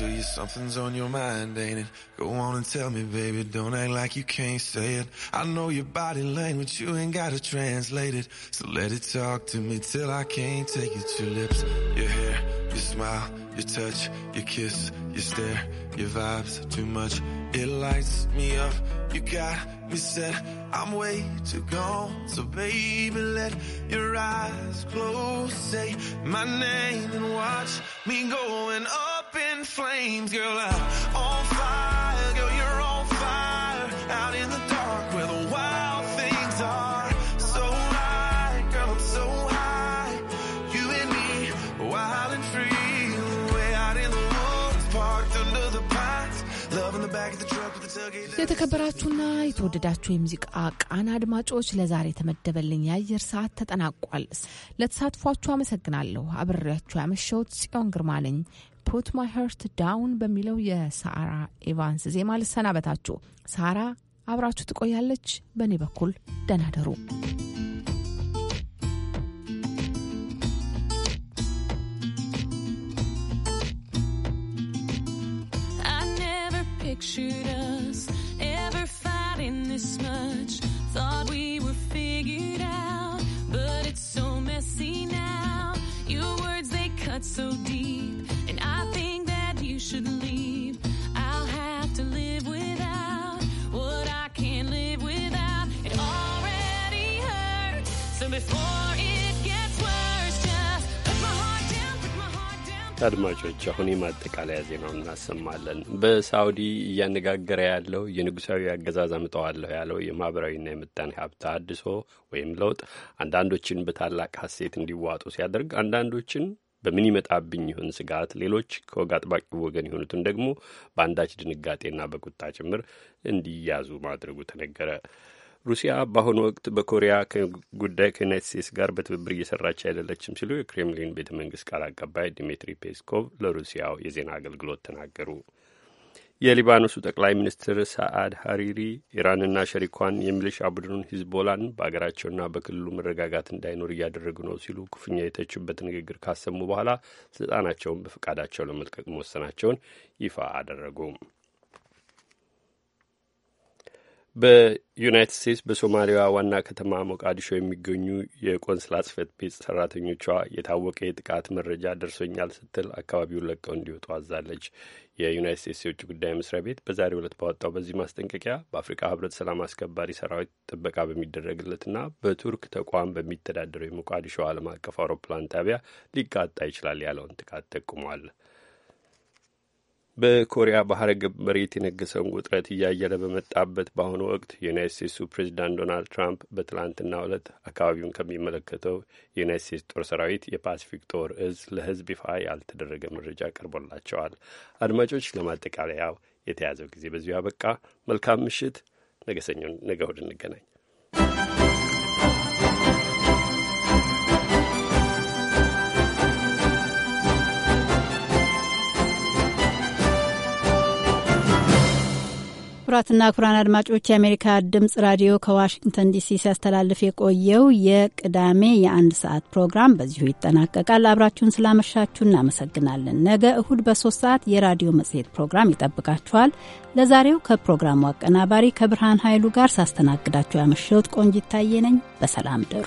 see something's on your mind, ain't it? Go on and tell me, baby, don't act like you can't say it. I know your body language, you ain't gotta translate it. So let it talk to me till I can't take it. Your lips, your hair, your smile, your touch, your kiss, your stare, your vibes, too much. It lights me up, you got me set. I'm way too gone, so baby, let your eyes close. Say my name and watch me going up. up in flames, girl. I'm on fire, girl. You're on fire. Out in the dark where the wild things are. So right, girl. I'm so high. You and me, wild and free. Way out in the woods, parked under the pines. Loving the back of the truck with the tailgate. የተከበራችሁና የተወደዳችሁ የሙዚቃ ቃና አድማጮች ለዛሬ የተመደበልኝ የአየር ሰዓት ተጠናቋል። ለተሳትፏችሁ አመሰግናለሁ። አብሬያችሁ ያመሸሁት ጽዮን ግርማ ነኝ። ፑት ማይ ሀርት ዳውን በሚለው የሳራ ኤቫንስ ዜማ ልሰናበታችሁ። ሳራ አብራችሁ ትቆያለች። በእኔ በኩል ደናደሩ Shoot us ever fighting this much. Thought we were figured out, but it's so messy now. Your words they cut so deep. አድማጮች አሁን የማጠቃለያ ዜናው እናሰማለን። በሳውዲ እያነጋገረ ያለው የንጉሳዊ አገዛዝ አምጠዋለሁ ያለው የማህበራዊና የምጣኔ ሀብት አድሶ ወይም ለውጥ አንዳንዶችን በታላቅ ሀሴት እንዲዋጡ ሲያደርግ፣ አንዳንዶችን በምን ይመጣብኝ ይሁን ስጋት፣ ሌሎች ከወግ አጥባቂ ወገን የሆኑትን ደግሞ በአንዳች ድንጋጤና በቁጣ ጭምር እንዲያዙ ማድረጉ ተነገረ። ሩሲያ በአሁኑ ወቅት በኮሪያ ጉዳይ ከዩናይት ስቴትስ ጋር በትብብር እየሰራች አይደለችም ሲሉ የክሬምሊን ቤተ መንግስት ቃል አቀባይ ዲሚትሪ ፔስኮቭ ለሩሲያው የዜና አገልግሎት ተናገሩ። የሊባኖሱ ጠቅላይ ሚኒስትር ሳአድ ሀሪሪ ኢራንና ሸሪኳን የሚሊሻ ቡድኑን ሂዝቦላን በአገራቸውና በክልሉ መረጋጋት እንዳይኖር እያደረጉ ነው ሲሉ ክፉኛ የተቹበት ንግግር ካሰሙ በኋላ ስልጣናቸውን በፈቃዳቸው ለመልቀቅ መወሰናቸውን ይፋ አደረጉ። በዩናይትድ ስቴትስ በሶማሊያ ዋና ከተማ ሞቃዲሾ የሚገኙ የቆንስላ ጽሕፈት ቤት ሰራተኞቿ የታወቀ የጥቃት መረጃ ደርሶኛል ስትል አካባቢውን ለቀው እንዲወጡ አዛለች። የዩናይት ስቴትስ የውጭ ጉዳይ መስሪያ ቤት በዛሬው ዕለት ባወጣው በዚህ ማስጠንቀቂያ በአፍሪካ ህብረት ሰላም አስከባሪ ሰራዊት ጥበቃ በሚደረግለትና በቱርክ ተቋም በሚተዳደረው የሞቃዲሾ ዓለም አቀፍ አውሮፕላን ጣቢያ ሊቃጣ ይችላል ያለውን ጥቃት ጠቁሟል። በኮሪያ ባህረ ገብ መሬት የነገሰውን ውጥረት እያየለ በመጣበት በአሁኑ ወቅት የዩናይት ስቴትሱ ፕሬዚዳንት ዶናልድ ትራምፕ በትላንትናው ዕለት አካባቢውን ከሚመለከተው የዩናይት ስቴትስ ጦር ሰራዊት የፓሲፊክ ጦር እዝ ለሕዝብ ይፋ ያልተደረገ መረጃ ቀርቦላቸዋል። አድማጮች፣ ለማጠቃለያው የተያዘው ጊዜ በዚሁ አበቃ። መልካም ምሽት። ነገ ሰኞ ነገ እሁድ እንገናኝ። ክቡራትና ክቡራን አድማጮች የአሜሪካ ድምጽ ራዲዮ ከዋሽንግተን ዲሲ ሲያስተላልፍ የቆየው የቅዳሜ የአንድ ሰዓት ፕሮግራም በዚሁ ይጠናቀቃል። አብራችሁን ስላመሻችሁ እናመሰግናለን። ነገ እሁድ በሶስት ሰዓት የራዲዮ መጽሔት ፕሮግራም ይጠብቃችኋል። ለዛሬው ከፕሮግራሙ አቀናባሪ ከብርሃን ኃይሉ ጋር ሳስተናግዳችሁ ያመሸሁት ቆንጂት ታዬ ነኝ። በሰላም ደሩ።